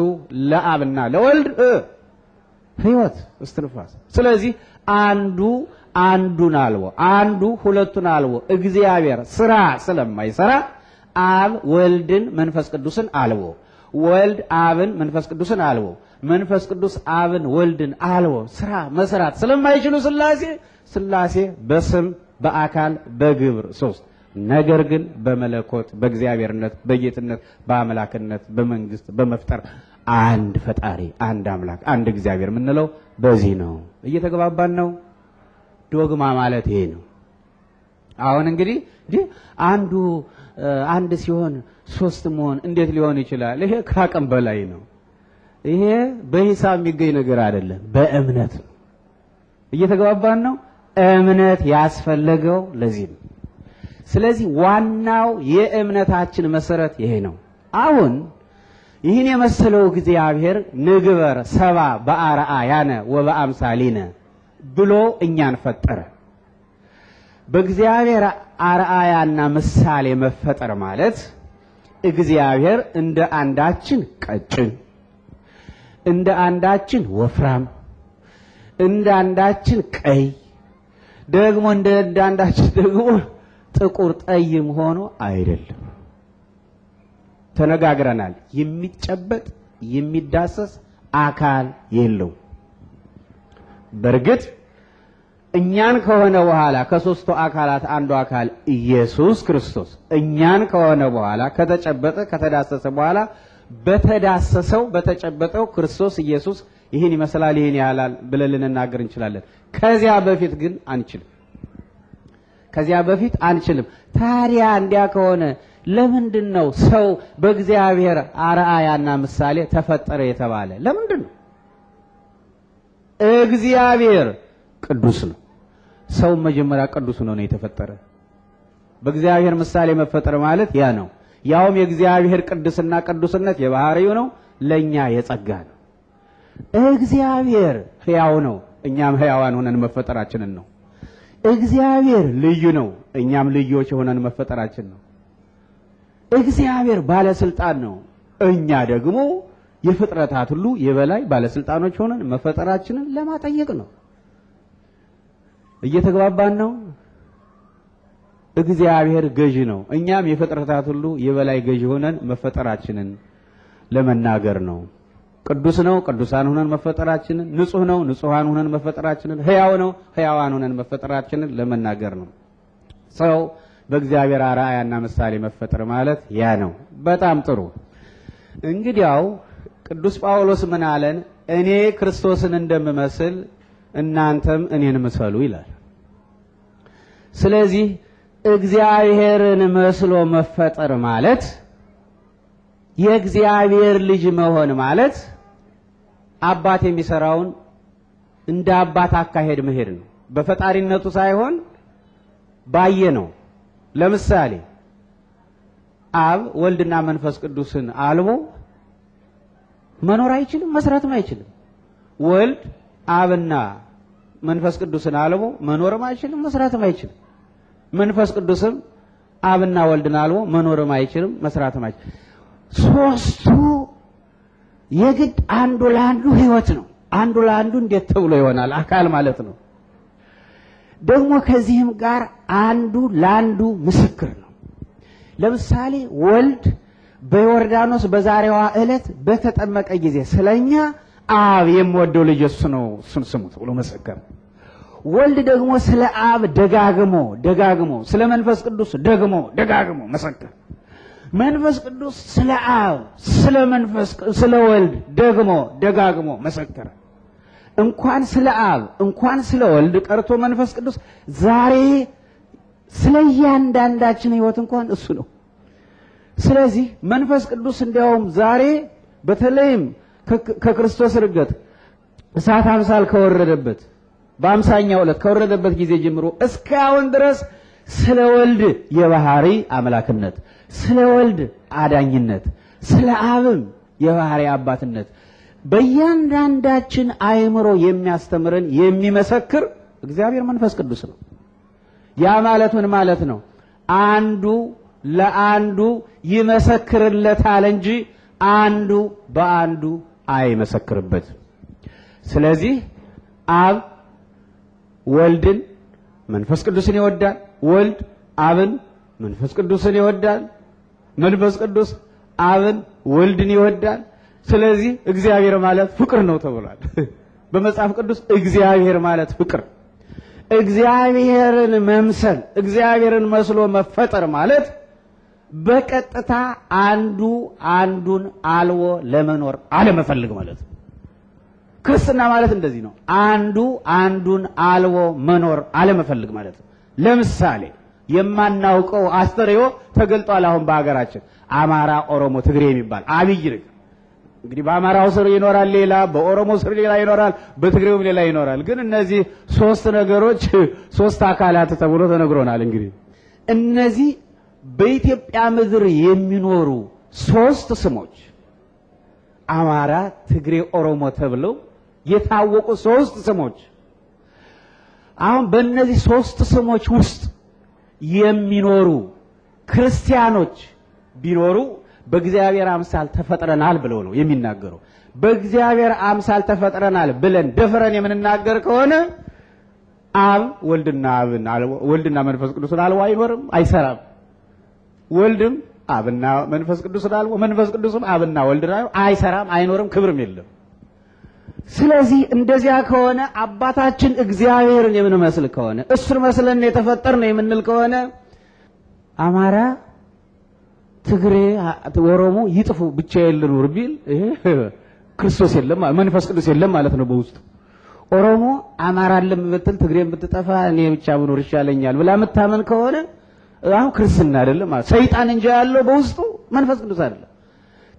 ለአብና ለወልድ ህይወት እስትንፋስ። ስለዚህ አንዱ አንዱን አልቦ አንዱ ሁለቱን አልቦ እግዚአብሔር ስራ ስለማይሰራ አብ ወልድን መንፈስ ቅዱስን አልቦ ወልድ አብን መንፈስ ቅዱስን አልቦ መንፈስ ቅዱስ አብን ወልድን አልቦ ስራ መስራት ስለማይችሉ ስላሴ ስላሴ በስም በአካል በግብር ሶስት ነገር ግን በመለኮት በእግዚአብሔርነት በጌትነት በአምላክነት በመንግስት በመፍጠር አንድ ፈጣሪ፣ አንድ አምላክ፣ አንድ እግዚአብሔር የምንለው በዚህ ነው። እየተግባባን ነው። ዶግማ ማለት ይሄ ነው። አሁን እንግዲህ እንዲህ አንዱ አንድ ሲሆን ሶስት መሆን እንዴት ሊሆን ይችላል? ይሄ ከአቅም በላይ ነው። ይሄ በሂሳብ የሚገኝ ነገር አይደለም፣ በእምነት ነው። እየተግባባን ነው። እምነት ያስፈለገው ለዚህ ነው። ስለዚህ ዋናው የእምነታችን መሰረት ይሄ ነው። አሁን ይህን የመሰለው እግዚአብሔር ንግበር ሰባ በአርአያነ ወበአምሳሊነ ብሎ እኛን ፈጠረ። በእግዚአብሔር አርአያና ምሳሌ መፈጠር ማለት እግዚአብሔር እንደ አንዳችን ቀጭን፣ እንደ አንዳችን ወፍራም፣ እንደ አንዳችን ቀይ ደግሞ እንደ አንዳችን ደግሞ ጥቁር ጠይም ሆኖ አይደለም። ተነጋግረናል። የሚጨበጥ የሚዳሰስ አካል የለው። በእርግጥ እኛን ከሆነ በኋላ ከሶስቱ አካላት አንዱ አካል ኢየሱስ ክርስቶስ እኛን ከሆነ በኋላ ከተጨበጠ ከተዳሰሰ በኋላ በተዳሰሰው በተጨበጠው ክርስቶስ ኢየሱስ ይህን ይመስላል ይህን ያህላል ብለን ልንናገር እንችላለን። ከዚያ በፊት ግን አንችልም። ከዚያ በፊት አንችልም። ታዲያ እንዲያ ከሆነ ለምንድን ነው ሰው በእግዚአብሔር አርአያና ምሳሌ ተፈጠረ የተባለ? ለምንድን ነው? እግዚአብሔር ቅዱስ ነው። ሰው መጀመሪያ ቅዱስ ነው ነው የተፈጠረ። በእግዚአብሔር ምሳሌ መፈጠር ማለት ያ ነው። ያውም የእግዚአብሔር ቅድስና ቅዱስነት የባህሪው ነው፣ ለኛ የጸጋ ነው። እግዚአብሔር ሕያው ነው፣ እኛም ሕያዋን ሆነን መፈጠራችንን ነው። እግዚአብሔር ልዩ ነው፣ እኛም ልዮች ሆነን መፈጠራችን ነው። እግዚአብሔር ባለስልጣን ነው። እኛ ደግሞ የፍጥረታት ሁሉ የበላይ ባለስልጣኖች ሆነን መፈጠራችንን ለማጠየቅ ነው። እየተግባባን ነው። እግዚአብሔር ገዢ ነው። እኛም የፍጥረታት ሁሉ የበላይ ገዢ ሆነን መፈጠራችንን ለመናገር ነው። ቅዱስ ነው፣ ቅዱሳን ሆነን መፈጠራችንን፣ ንጹህ ነው፣ ንጹሃን ሆነን መፈጠራችንን፣ ህያው ነው፣ ህያዋን ሆነን መፈጠራችንን ለመናገር ነው። ሰው በእግዚአብሔር አርአያና ምሳሌ መፈጠር ማለት ያ ነው። በጣም ጥሩ። እንግዲያው ቅዱስ ጳውሎስ ምን አለን? እኔ ክርስቶስን እንደምመስል እናንተም እኔን ምሰሉ ይላል። ስለዚህ እግዚአብሔርን መስሎ መፈጠር ማለት የእግዚአብሔር ልጅ መሆን ማለት አባት የሚሰራውን እንደ አባት አካሄድ መሄድ ነው። በፈጣሪነቱ ሳይሆን ባየ ነው። ለምሳሌ አብ ወልድና መንፈስ ቅዱስን አልቦ መኖር አይችልም፣ መስራትም አይችልም። ወልድ አብና መንፈስ ቅዱስን አልቦ መኖርም አይችልም፣ መስራትም አይችልም። መንፈስ ቅዱስም አብና ወልድን አልቦ መኖርም አይችልም፣ መስራትም አይችልም። ሶስቱ የግድ አንዱ ለአንዱ ህይወት ነው። አንዱ ለአንዱ እንዴት ተብሎ ይሆናል? አካል ማለት ነው። ደግሞ ከዚህም ጋር አንዱ ለአንዱ ምስክር ነው። ለምሳሌ ወልድ በዮርዳኖስ በዛሬዋ ዕለት በተጠመቀ ጊዜ ስለኛ አብ የምወደው ልጅ እሱ ነው፣ እሱን ስሙት ብሎ መሰከረ። ወልድ ደግሞ ስለ አብ ደጋግሞ ደጋግሞ ስለ መንፈስ ቅዱስ ደግሞ ደጋግሞ መሰከረ። መንፈስ ቅዱስ ስለ አብ ስለ መንፈስ ስለ ወልድ ደግሞ ደጋግሞ መሰከረ። እንኳን ስለ አብ እንኳን ስለ ወልድ ቀርቶ መንፈስ ቅዱስ ዛሬ ስለ እያንዳንዳችን ህይወት እንኳን እሱ ነው። ስለዚህ መንፈስ ቅዱስ እንዲያውም ዛሬ በተለይም ከክርስቶስ እርገት እሳት አምሳል ከወረደበት በአምሳኛው ዕለት ከወረደበት ጊዜ ጀምሮ እስካሁን ድረስ ስለ ወልድ የባህሪ አምላክነት፣ ስለ ወልድ አዳኝነት፣ ስለ አብም የባህሪ አባትነት በእያንዳንዳችን አእምሮ የሚያስተምረን የሚመሰክር እግዚአብሔር መንፈስ ቅዱስ ነው። ያ ማለት ምን ማለት ነው? አንዱ ለአንዱ ይመሰክርለታል እንጂ አንዱ በአንዱ አይመሰክርበትም። ስለዚህ አብ ወልድን መንፈስ ቅዱስን ይወዳል፣ ወልድ አብን መንፈስ ቅዱስን ይወዳል፣ መንፈስ ቅዱስ አብን ወልድን ይወዳል። ስለዚህ እግዚአብሔር ማለት ፍቅር ነው ተብሏል በመጽሐፍ ቅዱስ። እግዚአብሔር ማለት ፍቅር፣ እግዚአብሔርን መምሰል፣ እግዚአብሔርን መስሎ መፈጠር ማለት በቀጥታ አንዱ አንዱን አልቦ ለመኖር አለመፈልግ ማለት ነው። ክርስትና ማለት እንደዚህ ነው። አንዱ አንዱን አልቦ መኖር አለመፈልግ ማለት ነው። ለምሳሌ የማናውቀው አስተርእዮ ተገልጧል። አሁን በሀገራችን አማራ፣ ኦሮሞ፣ ትግሬ የሚባል አብይ ነገር እንግዲህ በአማራው ስር ይኖራል ሌላ፣ በኦሮሞ ስር ሌላ ይኖራል፣ በትግሬውም ሌላ ይኖራል። ግን እነዚህ ሶስት ነገሮች ሶስት አካላት ተብሎ ተነግሮናል። እንግዲህ እነዚህ በኢትዮጵያ ምድር የሚኖሩ ሶስት ስሞች አማራ፣ ትግሬ፣ ኦሮሞ ተብለው የታወቁ ሶስት ስሞች አሁን በእነዚህ ሶስት ስሞች ውስጥ የሚኖሩ ክርስቲያኖች ቢኖሩ በእግዚአብሔር አምሳል ተፈጥረናል ብለው ነው የሚናገረው። በእግዚአብሔር አምሳል ተፈጥረናል ብለን ደፍረን የምንናገር ከሆነ አብ ወልድና አብን ወልድና መንፈስ ቅዱስን አልቦ አይኖርም፣ አይሰራም። ወልድም አብና መንፈስ ቅዱስን አልቦ መንፈስ ቅዱስም አብና ወልድን አይሰራም፣ አይኖርም፣ ክብርም የለም። ስለዚህ እንደዚያ ከሆነ አባታችን እግዚአብሔርን የምንመስል ከሆነ እሱን መስለን የተፈጠርነው የምንል ከሆነ አማራ ትግሬ ኦሮሞ ይጥፉ ብቻ የልኑር ቢል ክርስቶስ የለም መንፈስ ቅዱስ የለም ማለት ነው በውስጡ። ኦሮሞ አማራለም ብትል ትግሬ ብትጠፋ እኔ ብቻ ብኖር ይሻለኛል ብላ የምታመን ከሆነ አሁን ክርስትና አይደለም ሰይጣን እንጂ ያለው በውስጡ መንፈስ ቅዱስ አይደለም።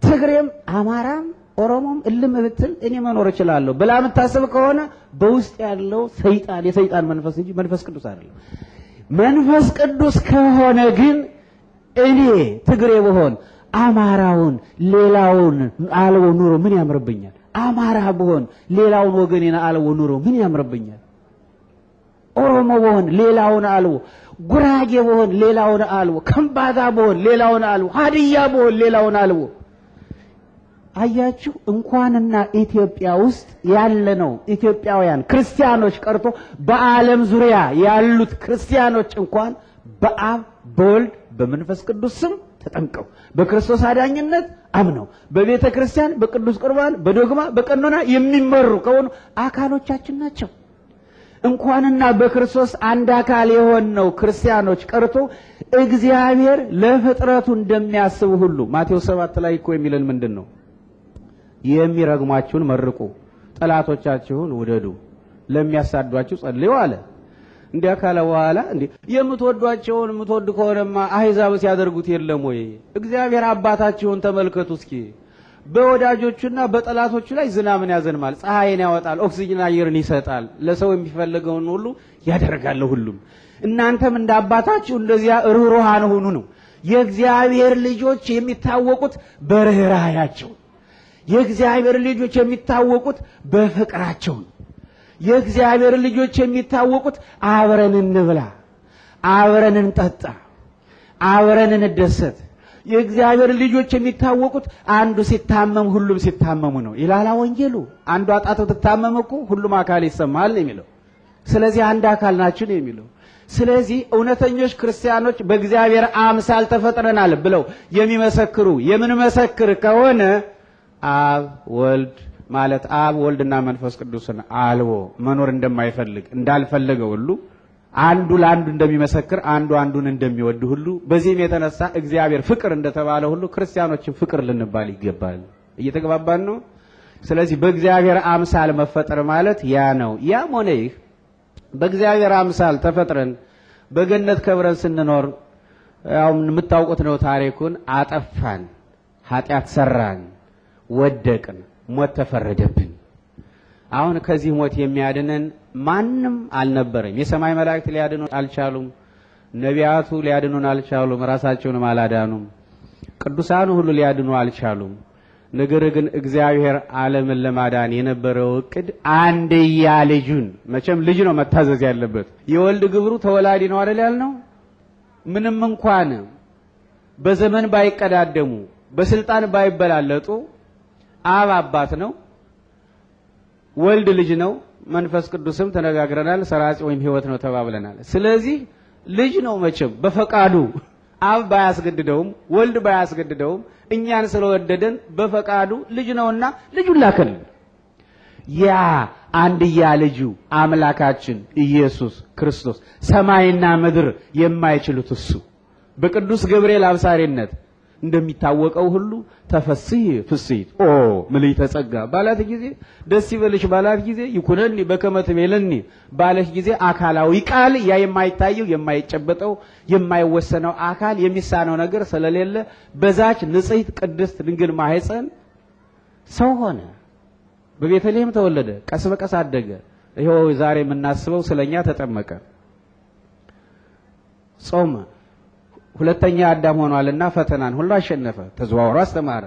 ትግሬም አማራም ኦሮሞም እልም ብትል እኔ መኖር እችላለሁ ብላ የምታስብ ከሆነ በውስጥ ያለው ሰይጣን የሰይጣን መንፈስ እንጂ መንፈስ ቅዱስ አይደለም። መንፈስ ቅዱስ ከሆነ ግን እኔ ትግሬ ብሆን አማራውን ሌላውን አልቦ ኑሮ ምን ያምርብኛል? አማራ ብሆን ሌላውን ወገኔን አልቦ ኑሮ ምን ያምርብኛል? ኦሮሞ ብሆን ሌላውን አልቦ፣ ጉራጌ ብሆን ሌላውን አልቦ፣ ከምባታ ብሆን ሌላውን አልቦ፣ ሀዲያ ብሆን ሌላውን አልቦ። አያችሁ እንኳንና ኢትዮጵያ ውስጥ ያለነው ኢትዮጵያውያን ክርስቲያኖች ቀርቶ በዓለም ዙሪያ ያሉት ክርስቲያኖች እንኳን በአብ በወልድ በመንፈስ ቅዱስ ስም ተጠምቀው በክርስቶስ አዳኝነት አምነው በቤተ ክርስቲያን በቅዱስ ቁርባን በዶግማ በቀኖና የሚመሩ ከሆኑ አካሎቻችን ናቸው። እንኳንና በክርስቶስ አንድ አካል የሆነው ክርስቲያኖች ቀርቶ እግዚአብሔር ለፍጥረቱ እንደሚያስብ ሁሉ ማቴዎስ ሰባት ላይ እኮ የሚለን ምንድን ነው? የሚረግሟችሁን መርቁ፣ ጠላቶቻችሁን ውደዱ፣ ለሚያሳዷችሁ ጸልዩ አለ። እንዲያ ካለ በኋላ እንዴ የምትወዷቸውን የምትወድ ከሆነማ አሕዛብ ሲያደርጉት የለም ወይ? እግዚአብሔር አባታችሁን ተመልከቱ እስኪ። በወዳጆቹና በጠላቶቹ ላይ ዝናብን ያዘንማል፣ ፀሐይን ያወጣል፣ ኦክሲጅን አየርን ይሰጣል፣ ለሰው የሚፈለገውን ሁሉ ያደርጋል። ሁሉም እናንተም እንደ አባታችሁ እንደዚያ ርኅሩሃን ሁኑ ነው። የእግዚአብሔር ልጆች የሚታወቁት በርኅራያቸው፣ የእግዚአብሔር ልጆች የሚታወቁት በፍቅራቸው የእግዚአብሔር ልጆች የሚታወቁት አብረን እንብላ፣ አብረን እንጠጣ፣ አብረን እንደሰት። የእግዚአብሔር ልጆች የሚታወቁት አንዱ ሲታመም ሁሉም ሲታመሙ ነው ይላላ ወንጌሉ። አንዱ ጣት ብትታመም እኮ ሁሉም አካል ይሰማል ነው የሚለው። ስለዚህ አንድ አካል ናችሁ ነው የሚለው። ስለዚህ እውነተኞች ክርስቲያኖች በእግዚአብሔር አምሳል ተፈጥረናል ብለው የሚመሰክሩ የምንመሰክር ከሆነ አብ ወልድ ማለት አብ ወልድና መንፈስ ቅዱስን አልቦ መኖር እንደማይፈልግ እንዳልፈለገ ሁሉ አንዱ ለአንዱ እንደሚመሰክር አንዱ አንዱን እንደሚወድ ሁሉ በዚህም የተነሳ እግዚአብሔር ፍቅር እንደተባለ ሁሉ ክርስቲያኖችን ፍቅር ልንባል ይገባል። እየተግባባን ነው። ስለዚህ በእግዚአብሔር አምሳል መፈጠር ማለት ያ ነው። ያም ሆነ ይህ በእግዚአብሔር አምሳል ተፈጥረን በገነት ከብረን ስንኖር ያው የምታውቁት ነው ታሪኩን። አጠፋን፣ ኃጢአት ሰራን፣ ወደቅን ሞት ተፈረደብን። አሁን ከዚህ ሞት የሚያድነን ማንም አልነበረም። የሰማይ መላእክት ሊያድኑ አልቻሉም። ነቢያቱ ሊያድኑን አልቻሉም። ራሳቸውንም አላዳኑም። ቅዱሳኑ ሁሉ ሊያድኑ አልቻሉም። ነገር ግን እግዚአብሔር ዓለምን ለማዳን የነበረው እቅድ አንድያ ልጁን መቼም ልጅ ነው መታዘዝ ያለበት። የወልድ ግብሩ ተወላዲ ነው አይደል ያልነው? ምንም እንኳን በዘመን ባይቀዳደሙ፣ በስልጣን ባይበላለጡ አብ አባት ነው፣ ወልድ ልጅ ነው፣ መንፈስ ቅዱስም ተነጋግረናል፣ ሰራጺ ወይም ህይወት ነው ተባብለናል። ስለዚህ ልጅ ነው መቼም በፈቃዱ አብ ባያስገድደውም ወልድ ባያስገድደውም እኛን ስለወደደን በፈቃዱ ልጅ ነውና ልጁን ላከልን። ያ አንድያ ልጁ አምላካችን ኢየሱስ ክርስቶስ ሰማይና ምድር የማይችሉት እሱ በቅዱስ ገብርኤል አብሳሪነት እንደሚታወቀው ሁሉ ተፈስህ ፍስይት ኦ ምልዕተ ጸጋ ባላት ጊዜ ደስ ይበልሽ ባላት ጊዜ ይኩነኒ በከመ ትቤለኒ ባለሽ ጊዜ አካላዊ ቃል ያ የማይታየው የማይጨበጠው የማይወሰነው አካል የሚሳነው ነገር ስለሌለ በዛች ንጽሕት ቅድስት ድንግል ማህፀን ሰው ሆነ። በቤተልሔም ተወለደ። ቀስ በቀስ አደገ። ይኸው ዛሬ የምናስበው ስለኛ ተጠመቀ፣ ጾመ ሁለተኛ አዳም ሆኗልና ፈተናን ሁሉ አሸነፈ። ተዘዋውሮ አስተማረ።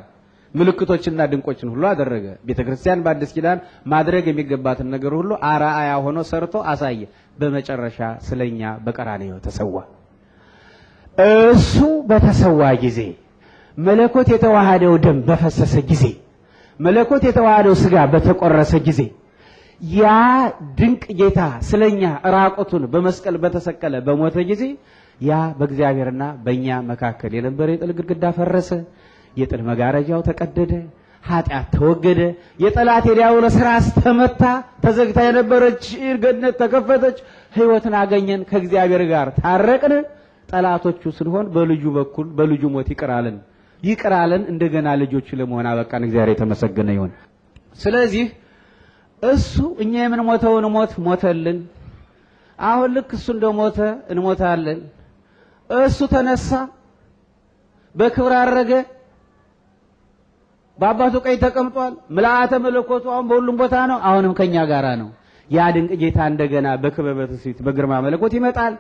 ምልክቶችና ድንቆችን ሁሉ አደረገ። ቤተክርስቲያን በአዲስ ኪዳን ማድረግ የሚገባትን ነገር ሁሉ አራአያ ሆኖ ሰርቶ አሳየ። በመጨረሻ ስለኛ በቀራንዮ ተሰዋ። እሱ በተሰዋ ጊዜ መለኮት የተዋሃደው ደም በፈሰሰ ጊዜ መለኮት የተዋሃደው ስጋ በተቆረሰ ጊዜ ያ ድንቅ ጌታ ስለኛ ራቁቱን በመስቀል በተሰቀለ በሞተ ጊዜ ያ በእግዚአብሔርና በእኛ መካከል የነበረ የጥል ግድግዳ ፈረሰ። የጥል መጋረጃው ተቀደደ። ኃጢአት ተወገደ። የጠላት የዲያብሎስ ስራስ ተመታ። ተዘግታ የነበረች ገነት ተከፈተች። ሕይወትን አገኘን። ከእግዚአብሔር ጋር ታረቅን። ጠላቶቹ ስንሆን በልጁ በኩል በልጁ ሞት ይቅራልን ይቅራልን እንደገና ልጆቹ ለመሆን አበቃን። እግዚአብሔር የተመሰገነ ይሁን። ስለዚህ እሱ እኛ የምንሞተውን ሞት ሞተልን። አሁን ልክ እሱ እንደሞተ እንሞታለን። እሱ ተነሳ፣ በክብር አረገ፣ በአባቱ ቀኝ ተቀምጧል። ምልአተ መለኮቱ አሁን በሁሉም ቦታ ነው። አሁንም ከኛ ጋራ ነው። ያ ድንቅ ጌታ እንደገና በክበበ ትስብእት በግርማ መለኮት ይመጣል።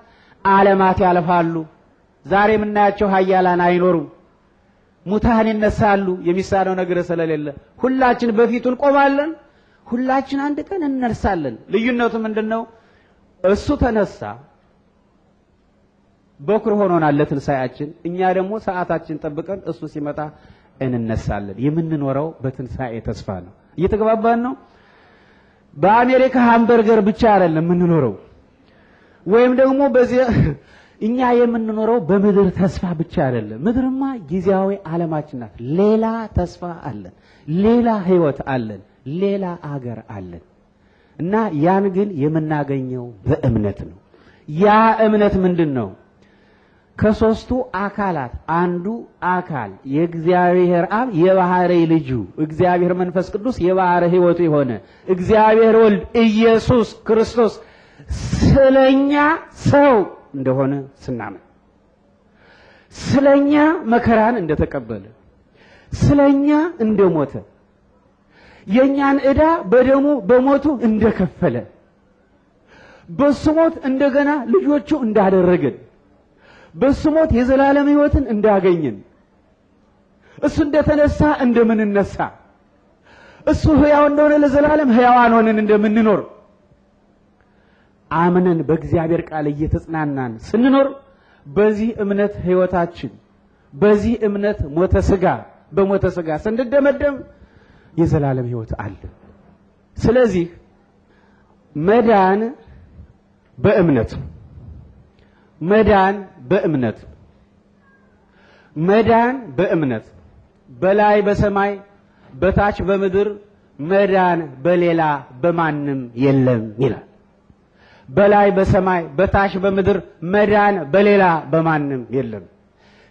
ዓለማት ያልፋሉ። ዛሬ የምናያቸው ኃያላን አይኖሩም። ሙታን ይነሳሉ። የሚሳነው ነገር ስለሌለ ሁላችን በፊቱ እንቆማለን። ሁላችን አንድ ቀን እንነሳለን። ልዩነቱ ምንድን ነው? እሱ ተነሳ በኩር ሆኖናል ለትንሣኤያችን። እኛ ደግሞ ሰዓታችን ጠብቀን እሱ ሲመጣ እንነሳለን። የምንኖረው በትንሣኤ ተስፋ ነው። እየተገባባን ነው። በአሜሪካ ሃምበርገር ብቻ አይደለም የምንኖረው፣ ወይም ደግሞ በዚህ እኛ የምንኖረው በምድር ተስፋ ብቻ አይደለም። ምድርማ ጊዜያዊ ዓለማችን ናት። ሌላ ተስፋ አለን፣ ሌላ ህይወት አለን፣ ሌላ አገር አለን እና ያን ግን የምናገኘው በእምነት ነው። ያ እምነት ምንድን ነው? ከሶስቱ አካላት አንዱ አካል የእግዚአብሔር አብ የባህርይ ልጁ እግዚአብሔር መንፈስ ቅዱስ የባህረ ሕይወቱ የሆነ እግዚአብሔር ወልድ ኢየሱስ ክርስቶስ ስለኛ ሰው እንደሆነ ስናምን ስለኛ መከራን እንደተቀበለ ስለኛ እንደሞተ የእኛን ዕዳ በደሙ በሞቱ እንደከፈለ በሱ ሞት እንደገና ልጆቹ እንዳደረገን በእሱ ሞት የዘላለም ህይወትን እንዳገኝን እሱ እንደተነሳ እንደምንነሳ እሱ ህያው እንደሆነ ለዘላለም ህያዋን ሆነን እንደምንኖር አምነን በእግዚአብሔር ቃል እየተጽናናን ስንኖር በዚህ እምነት ህይወታችን በዚህ እምነት ሞተ ስጋ በሞተ ስጋ ስንደመደም የዘላለም ህይወት አለ። ስለዚህ መዳን በእምነት መዳን በእምነት መዳን በእምነት በላይ በሰማይ በታች በምድር መዳን በሌላ በማንም የለም ይላል። በላይ በሰማይ በታች በምድር መዳን በሌላ በማንም የለም።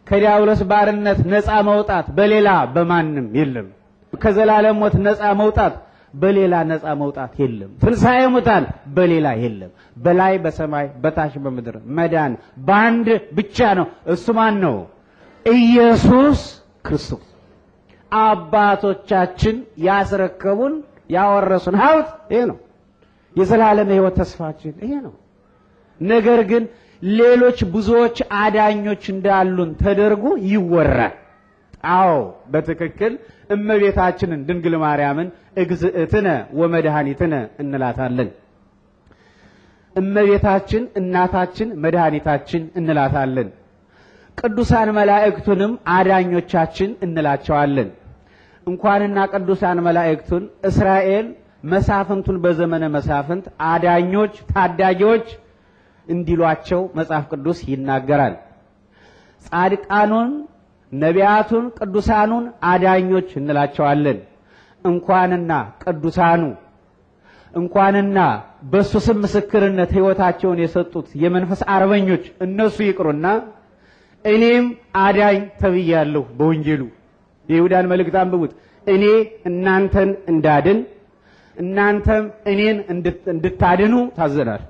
ከዲያብሎስ ባርነት ነፃ መውጣት በሌላ በማንም የለም። ከዘላለም ሞት ነፃ መውጣት በሌላ ነፃ መውጣት የለም። ትንሣኤ ሙታን በሌላ የለም። በላይ በሰማይ በታች በምድር መዳን በአንድ ብቻ ነው። እሱ ማን ነው? ኢየሱስ ክርስቶስ። አባቶቻችን ያስረከቡን ያወረሱን ሀብት ይሄ ነው። የዘላለም ሕይወት ተስፋችን ይሄ ነው። ነገር ግን ሌሎች ብዙዎች አዳኞች እንዳሉን ተደርጎ ይወራል። አዎ በትክክል እመቤታችንን ድንግል ማርያምን እግዝእትነ ወመድኃኒትነ እንላታለን። እመቤታችን እናታችን መድኃኒታችን እንላታለን። ቅዱሳን መላእክቱንም አዳኞቻችን እንላቸዋለን። እንኳንና ቅዱሳን መላእክቱን እስራኤል መሳፍንቱን በዘመነ መሳፍንት አዳኞች፣ ታዳጊዎች እንዲሏቸው መጽሐፍ ቅዱስ ይናገራል። ጻድቃኑን፣ ነቢያቱን፣ ቅዱሳኑን አዳኞች እንላቸዋለን። እንኳንና ቅዱሳኑ እንኳንና በእሱ ስም ምስክርነት ሕይወታቸውን የሰጡት የመንፈስ አርበኞች እነሱ ይቅሩና እኔም አዳኝ ተብያለሁ በወንጌሉ። የይሁዳን መልእክት አንብቡት። እኔ እናንተን እንዳድን እናንተም እኔን እንድታድኑ ታዘናል።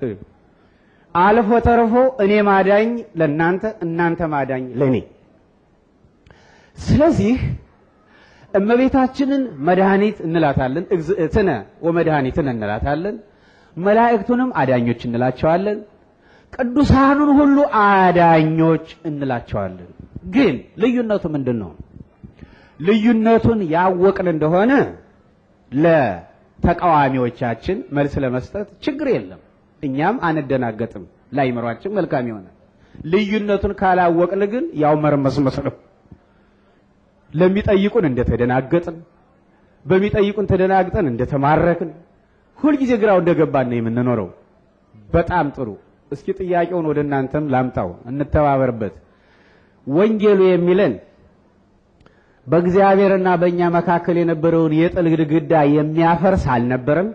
አልፎ ተርፎ እኔ ማዳኝ ለእናንተ እናንተ ማዳኝ ለእኔ። ስለዚህ እመቤታችንን መድኃኒት እንላታለን፣ እግዝእትነ ወመድኃኒትን እንላታለን። መላእክቱንም አዳኞች እንላቸዋለን። ቅዱሳኑን ሁሉ አዳኞች እንላቸዋለን። ግን ልዩነቱ ምንድን ነው? ልዩነቱን ያወቅን እንደሆነ ለተቃዋሚዎቻችን መልስ ለመስጠት ችግር የለም፣ እኛም አንደናገጥም፣ ለአይምሯችን መልካም ይሆናል። ልዩነቱን ካላወቅን ግን ያው መርመስመስ ነው። ለሚጠይቁን እንደተደናገጥን በሚጠይቁን ተደናግጠን እንደተማረክን ሁልጊዜ ግራው እንደገባን ነው የምንኖረው። በጣም ጥሩ። እስኪ ጥያቄውን ወደ እናንተም ላምጣው፣ እንተባበርበት። ወንጌሉ የሚለን በእግዚአብሔርና በእኛ መካከል የነበረውን የጥል ግድግዳ የሚያፈርስ አልነበረም።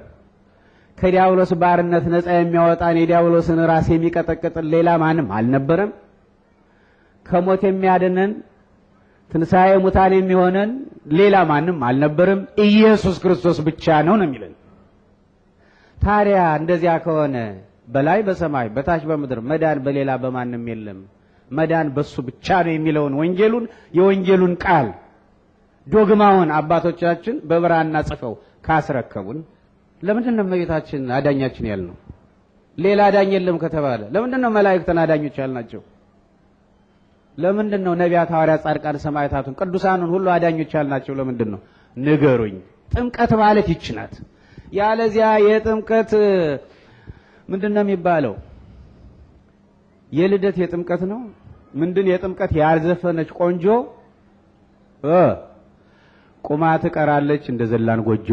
ከዲያብሎስ ባርነት ነፃ የሚያወጣን የዲያብሎስን ራስ የሚቀጠቅጥን ሌላ ማንም አልነበረም። ከሞት የሚያድነን ትንሣኤ ሙታን የሚሆነን ሌላ ማንም አልነበርም? ኢየሱስ ክርስቶስ ብቻ ነው ነው የሚለን። ታዲያ እንደዚያ ከሆነ በላይ በሰማይ በታች በምድር መዳን በሌላ በማንም የለም፣ መዳን በሱ ብቻ ነው የሚለውን ወንጌሉን የወንጌሉን ቃል ዶግማውን አባቶቻችን በብራና ጽፈው ካስረከቡን ለምንድን ነው መቤታችን አዳኛችን ያልነው? ሌላ አዳኝ የለም ከተባለ ለምንድን ነው መላእክትን አዳኞች ያልናቸው? ለምንድን ነው ነቢያት፣ ሐዋርያት፣ ጻድቃን፣ ሰማዕታቱን ቅዱሳኑን ሁሉ አዳኞች ያልናቸው ለምንድን ነው? ንገሩኝ። ጥምቀት ማለት ናት። ያለዚያ የጥምቀት ምንድን ነው የሚባለው? የልደት የጥምቀት ነው ምንድን የጥምቀት ያልዘፈነች ቆንጆ እ ቁማ ትቀራለች እንደ ዘላን ጎጆ።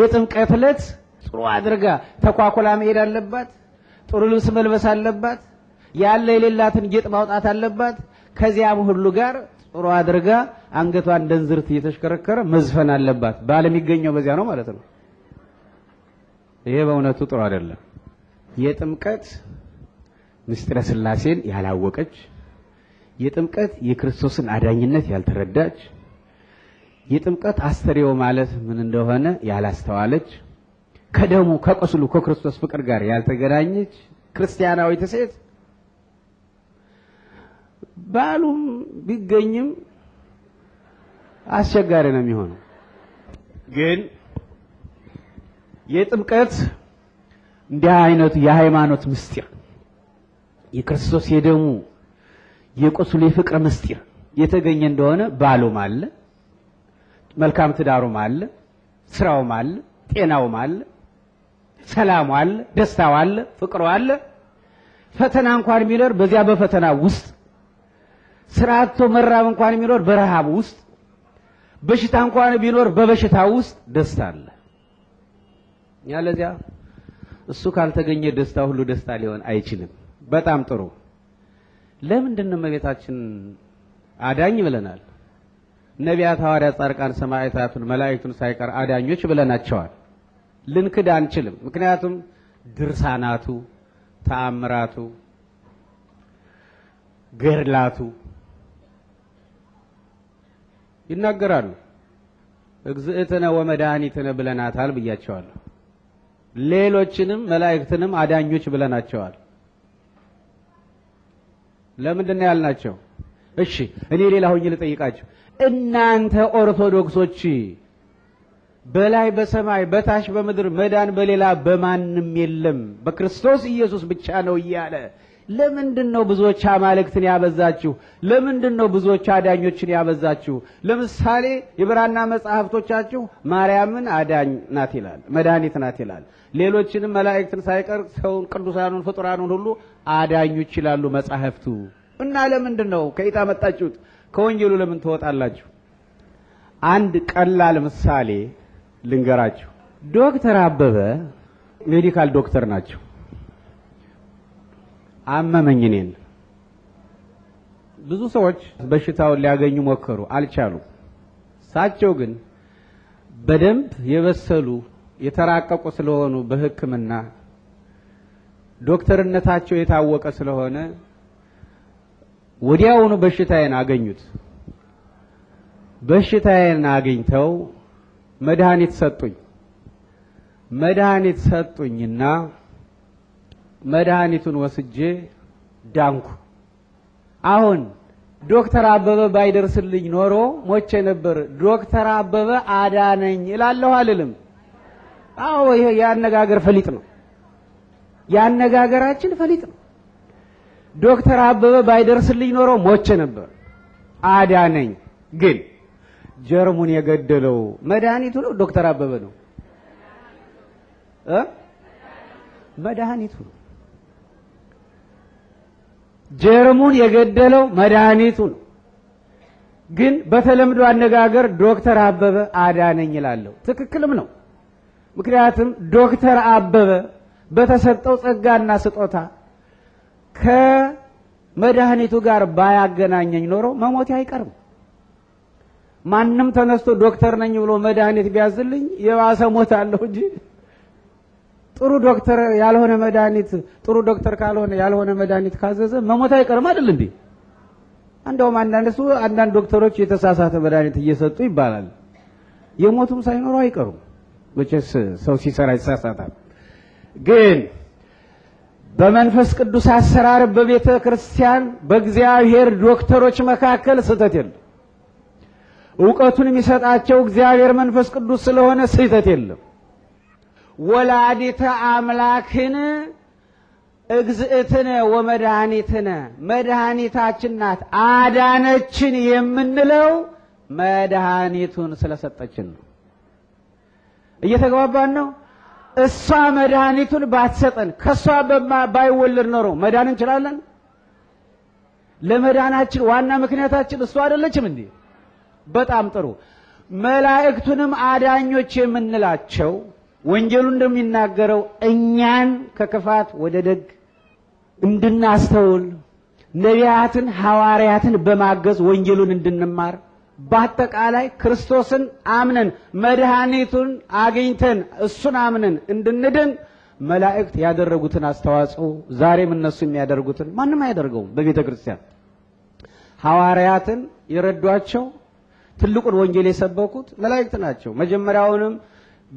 የጥምቀት ዕለት ጥሩ አድርጋ ተኳኩላ መሄድ አለባት። ጥሩ ልብስ መልበስ አለባት። ያለ የሌላትን ጌጥ ማውጣት አለባት። ከዚያም ሁሉ ጋር ጥሩ አድርጋ አንገቷ እንደንዝርት እየተሽከረከረ መዝፈን አለባት። ባል የሚገኘው በዚያ ነው ማለት ነው። ይሄ በእውነቱ ጥሩ አይደለም። የጥምቀት ምስጢረ ስላሴን ያላወቀች የጥምቀት የክርስቶስን አዳኝነት ያልተረዳች የጥምቀት አስተርእዮ ማለት ምን እንደሆነ ያላስተዋለች ከደሙ ከቁስሉ ከክርስቶስ ፍቅር ጋር ያልተገናኘች ክርስቲያናዊት ሴት ባሉም ቢገኝም አስቸጋሪ ነው የሚሆነው። ግን የጥምቀት እንዲህ አይነቱ የሃይማኖት ምስጢር የክርስቶስ የደሙ የቁስሉ የፍቅር ምስጢር የተገኘ እንደሆነ ባሉም አለ፣ መልካም ትዳሩም አለ፣ ስራውም አለ፣ ጤናውም አለ፣ ሰላሙ አለ፣ ደስታው አለ፣ ፍቅሩ አለ። ፈተና እንኳን ቢኖር በዚያ በፈተና ውስጥ ስርዓቶ መራብ እንኳን የሚኖር በረሃብ ውስጥ በሽታ እንኳን ቢኖር በበሽታ ውስጥ ደስታ አለ። ለዚያ እሱ ካልተገኘ ደስታ ሁሉ ደስታ ሊሆን አይችልም። በጣም ጥሩ። ለምንድን ነው እመቤታችን አዳኝ ብለናል? ነቢያት፣ ሐዋርያት፣ ጻድቃን፣ ሰማዕታቱን መላእክቱን ሳይቀር አዳኞች ብለናቸዋል። ልንክድ አንችልም። ምክንያቱም ድርሳናቱ፣ ተአምራቱ፣ ገድላቱ ይናገራሉ። እግዚእትነ ወመድኃኒትነ ብለናታል ብያቸዋለሁ። ሌሎችንም መላእክትንም አዳኞች ብለናቸዋል። ለምንድን ነው ያልናቸው? እሺ እኔ ሌላ ሆኜ ልጠይቃቸው። እናንተ ኦርቶዶክሶች በላይ በሰማይ በታች በምድር መዳን በሌላ በማንም የለም በክርስቶስ ኢየሱስ ብቻ ነው እያለ ለምንድን ነው ብዙዎች አማልክትን ያበዛችሁ? ለምንድን ነው ብዙዎች አዳኞችን ያበዛችሁ? ለምሳሌ የብራና መጽሐፍቶቻችሁ ማርያምን አዳኝ ናት ይላል፣ መድኃኒት ናት ይላል። ሌሎችንም መላእክትን ሳይቀር ሰውን፣ ቅዱሳኑን፣ ፍጡራኑን ሁሉ አዳኞች ይላሉ መጻሕፍቱ። እና ለምንድን ነው ከየት አመጣችሁት? ከወንጌሉ ለምን ትወጣላችሁ? አንድ ቀላል ምሳሌ ልንገራችሁ። ዶክተር አበበ ሜዲካል ዶክተር ናቸው። አመመኝ እኔን። ብዙ ሰዎች በሽታውን ሊያገኙ ሞከሩ፣ አልቻሉ። እሳቸው ግን በደንብ የበሰሉ የተራቀቁ ስለሆኑ በሕክምና ዶክተርነታቸው የታወቀ ስለሆነ ወዲያውኑ በሽታዬን አገኙት። በሽታዬን አግኝተው መድኃኒት ሰጡኝ። መድኃኒት ሰጡኝና መድኃኒቱን ወስጄ ዳንኩ። አሁን ዶክተር አበበ ባይደርስልኝ ኖሮ ሞቼ ነበር። ዶክተር አበበ አዳነኝ እላለሁ አልልም። አዎ ይሄ የአነጋገር ፈሊጥ ነው። የአነጋገራችን ፈሊጥ ነው። ዶክተር አበበ ባይደርስልኝ ኖሮ ሞቼ ነበር። አዳነኝ ግን ጀርሙን የገደለው መድኃኒቱ ነው ዶክተር አበበ ነው መድኃኒቱ ነው። ጀርሙን የገደለው መድኃኒቱ ነው። ግን በተለምዶ አነጋገር ዶክተር አበበ አዳነኝ ይላለሁ። ትክክልም ነው። ምክንያቱም ዶክተር አበበ በተሰጠው ጸጋና ስጦታ ከመድኃኒቱ ጋር ባያገናኘኝ ኖሮ መሞቴ አይቀርም። ማንም ተነስቶ ዶክተር ነኝ ብሎ መድኃኒት ቢያዝልኝ የባሰ ሞታለሁ እንጂ ጥሩ ዶክተር ያልሆነ መድኃኒት ጥሩ ዶክተር ካልሆነ ያልሆነ መድኃኒት ካዘዘ መሞት አይቀርም አይደል እንዴ? እንደውም አንዳንድ እሱ አንዳንድ ዶክተሮች የተሳሳተ መድኃኒት እየሰጡ ይባላል። የሞቱም ሳይኖሩ አይቀሩም። መቼስ ሰው ሲሰራ ይሳሳታል። ግን በመንፈስ ቅዱስ አሰራር በቤተ ክርስቲያን በእግዚአብሔር ዶክተሮች መካከል ስህተት የለም። እውቀቱን የሚሰጣቸው እግዚአብሔር መንፈስ ቅዱስ ስለሆነ ስህተት የለም። ወላዲተ አምላክን እግዝእትነ ወመድኃኒትነ መድኃኒታችን ናት አዳነችን የምንለው መድኃኒቱን ስለሰጠችን ነው። እየተግባባን ነው። እሷ መድኃኒቱን ባትሰጠን ከእሷ ባይወለድ ኖሮ መዳን እንችላለን? ለመዳናችን ዋና ምክንያታችን እሷ አይደለችም እንዴ? በጣም ጥሩ። መላእክቱንም አዳኞች የምንላቸው ወንጌሉ እንደሚናገረው እኛን ከክፋት ወደ ደግ እንድናስተውል ነቢያትን፣ ሐዋርያትን በማገዝ ወንጌሉን እንድንማር በአጠቃላይ ክርስቶስን አምነን መድኃኒቱን አግኝተን እሱን አምነን እንድንድን መላእክት ያደረጉትን አስተዋጽኦ ዛሬም እነሱ የሚያደርጉትን ማንም አያደርገውም። በቤተ ክርስቲያን ሐዋርያትን የረዷቸው ትልቁን ወንጌል የሰበኩት መላእክት ናቸው። መጀመሪያውንም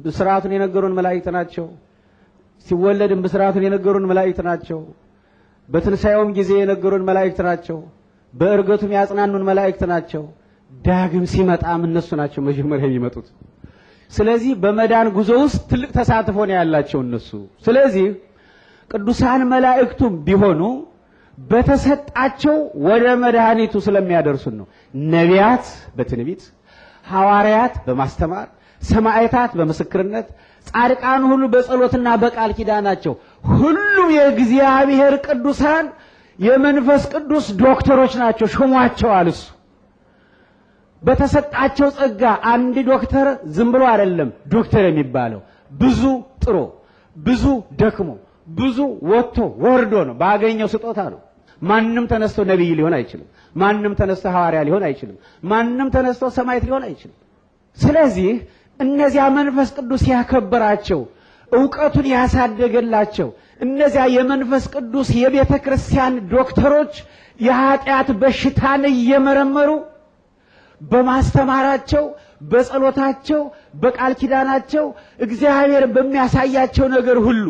ብስራቱን የነገሩን መላእክት ናቸው። ሲወለድም ብስራቱን የነገሩን መላእክት ናቸው። በትንሣኤውም ጊዜ የነገሩን መላእክት ናቸው። በእርገቱም ያጽናኑን መላእክት ናቸው። ዳግም ሲመጣም እነሱ ናቸው መጀመሪያ የሚመጡት። ስለዚህ በመዳን ጉዞ ውስጥ ትልቅ ተሳትፎ ነው ያላቸው እነሱ። ስለዚህ ቅዱሳን መላእክቱም ቢሆኑ በተሰጣቸው ወደ መድኃኒቱ ስለሚያደርሱን ነው። ነቢያት በትንቢት ሐዋርያት በማስተማር ሰማዕታት በምስክርነት ጻድቃን ሁሉ በጸሎትና በቃል ኪዳናቸው ሁሉም የእግዚአብሔር ቅዱሳን የመንፈስ ቅዱስ ዶክተሮች ናቸው ሾሟቸዋል እሱ በተሰጣቸው ጸጋ አንድ ዶክተር ዝም ብሎ አይደለም ዶክተር የሚባለው ብዙ ጥሮ ብዙ ደክሞ ብዙ ወጥቶ ወርዶ ነው ባገኘው ስጦታ ነው ማንም ተነስቶ ነቢይ ሊሆን አይችልም ማንም ተነስቶ ሐዋርያ ሊሆን አይችልም ማንም ተነስቶ ሰማዕት ሊሆን አይችልም ስለዚህ እነዚያ መንፈስ ቅዱስ ያከበራቸው እውቀቱን ያሳደገላቸው እነዚያ የመንፈስ ቅዱስ የቤተ ክርስቲያን ዶክተሮች የኃጢአት በሽታን እየመረመሩ በማስተማራቸው፣ በጸሎታቸው፣ በቃል ኪዳናቸው እግዚአብሔር በሚያሳያቸው ነገር ሁሉ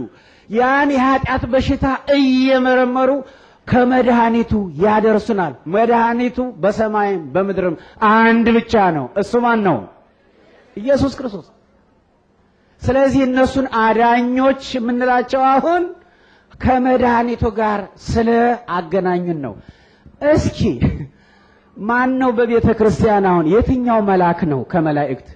ያን የኃጢአት በሽታ እየመረመሩ ከመድኃኒቱ ያደርሱናል። መድኃኒቱ በሰማይም በምድርም አንድ ብቻ ነው። እሱ ማን ነው? ኢየሱስ ክርስቶስ። ስለዚህ እነሱን አዳኞች የምንላቸው አሁን ከመድኃኒቱ ጋር ስለ አገናኙን ነው። እስኪ ማን ነው በቤተ ክርስቲያን አሁን የትኛው መልአክ ነው ከመላእክት?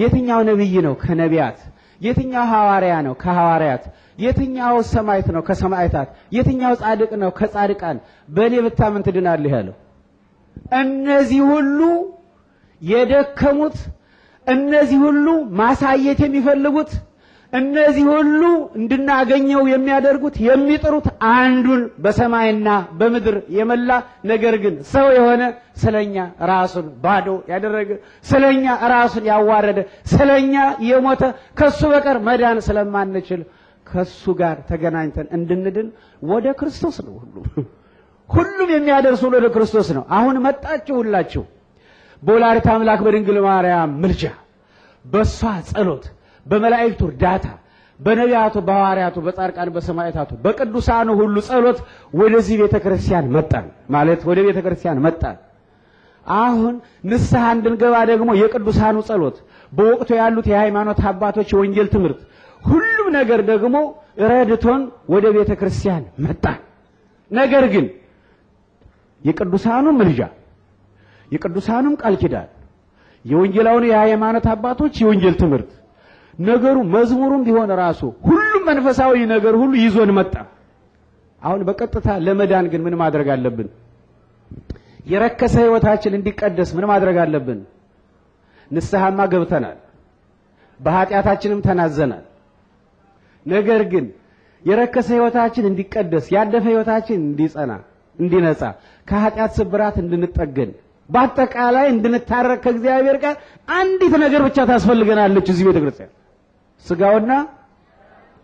የትኛው ነቢይ ነው ከነቢያት? የትኛው ሐዋርያ ነው ከሐዋርያት? የትኛው ሰማይት ነው ከሰማይታት? የትኛው ጻድቅ ነው ከጻድቃን? በእኔ ብታምን ትድናለህ ያለው እነዚህ ሁሉ የደከሙት እነዚህ ሁሉ ማሳየት የሚፈልጉት እነዚህ ሁሉ እንድናገኘው የሚያደርጉት የሚጥሩት አንዱን በሰማይና በምድር የመላ ነገር ግን ሰው የሆነ ስለኛ ራሱን ባዶ ያደረገ ስለኛ ራሱን ያዋረደ ስለኛ የሞተ ከሱ በቀር መዳን ስለማንችል ከሱ ጋር ተገናኝተን እንድንድን ወደ ክርስቶስ ነው ሁሉም ሁሉም የሚያደርሱ ወደ ክርስቶስ ነው። አሁን መጣችሁ ሁላችሁ። በወላዲተ አምላክ በድንግል ማርያም ምልጃ፣ በእሷ ጸሎት፣ በመላእክቱ እርዳታ፣ በነቢያቱ፣ በሐዋርያቱ፣ በጻድቃን፣ በሰማዕታቱ፣ በቅዱሳኑ ሁሉ ጸሎት ወደዚህ ቤተ ክርስቲያን መጣን ማለት ወደ ቤተ ክርስቲያን መጣን። አሁን ንስሐ እንድንገባ ደግሞ የቅዱሳኑ ጸሎት፣ በወቅቱ ያሉት የሃይማኖት አባቶች የወንጌል ትምህርት፣ ሁሉም ነገር ደግሞ ረድቶን ወደ ቤተ ክርስቲያን መጣን። ነገር ግን የቅዱሳኑ ምልጃ የቅዱሳንም ቃል ኪዳን የወንጌላውን የሃይማኖት አባቶች የወንጌል ትምህርት ነገሩ መዝሙሩም ቢሆን ራሱ ሁሉም መንፈሳዊ ነገር ሁሉ ይዞን መጣ። አሁን በቀጥታ ለመዳን ግን ምን ማድረግ አለብን? የረከሰ ህይወታችን እንዲቀደስ ምን ማድረግ አለብን? ንስሐማ ገብተናል፣ በኃጢአታችንም ተናዘናል። ነገር ግን የረከሰ ህይወታችን እንዲቀደስ ያለፈ ህይወታችን እንዲጸና እንዲነጻ ከኃጢአት ስብራት እንድንጠገን በአጠቃላይ እንድንታረቅ ከእግዚአብሔር ጋር አንዲት ነገር ብቻ ታስፈልገናለች። እዚህ ቤተ ክርስቲያን ስጋውና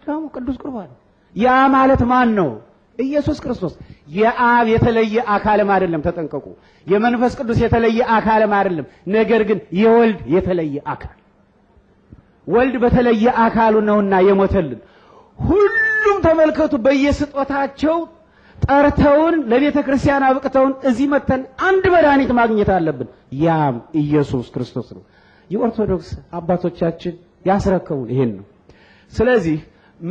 ደሙ ቅዱስ ቁርባን። ያ ማለት ማን ነው? ኢየሱስ ክርስቶስ። የአብ የተለየ አካልም አይደለም፣ ተጠንቀቁ። የመንፈስ ቅዱስ የተለየ አካልም አይደለም። ነገር ግን የወልድ የተለየ አካል ወልድ በተለየ አካሉ ነውና የሞተልን ሁሉም ተመልከቱ፣ በየስጦታቸው ጠርተውን ለቤተ ክርስቲያን አብቅተውን እዚህ መተን አንድ መድኃኒት ማግኘት አለብን። ያም ኢየሱስ ክርስቶስ ነው። የኦርቶዶክስ አባቶቻችን ያስረከቡን ይሄን ነው። ስለዚህ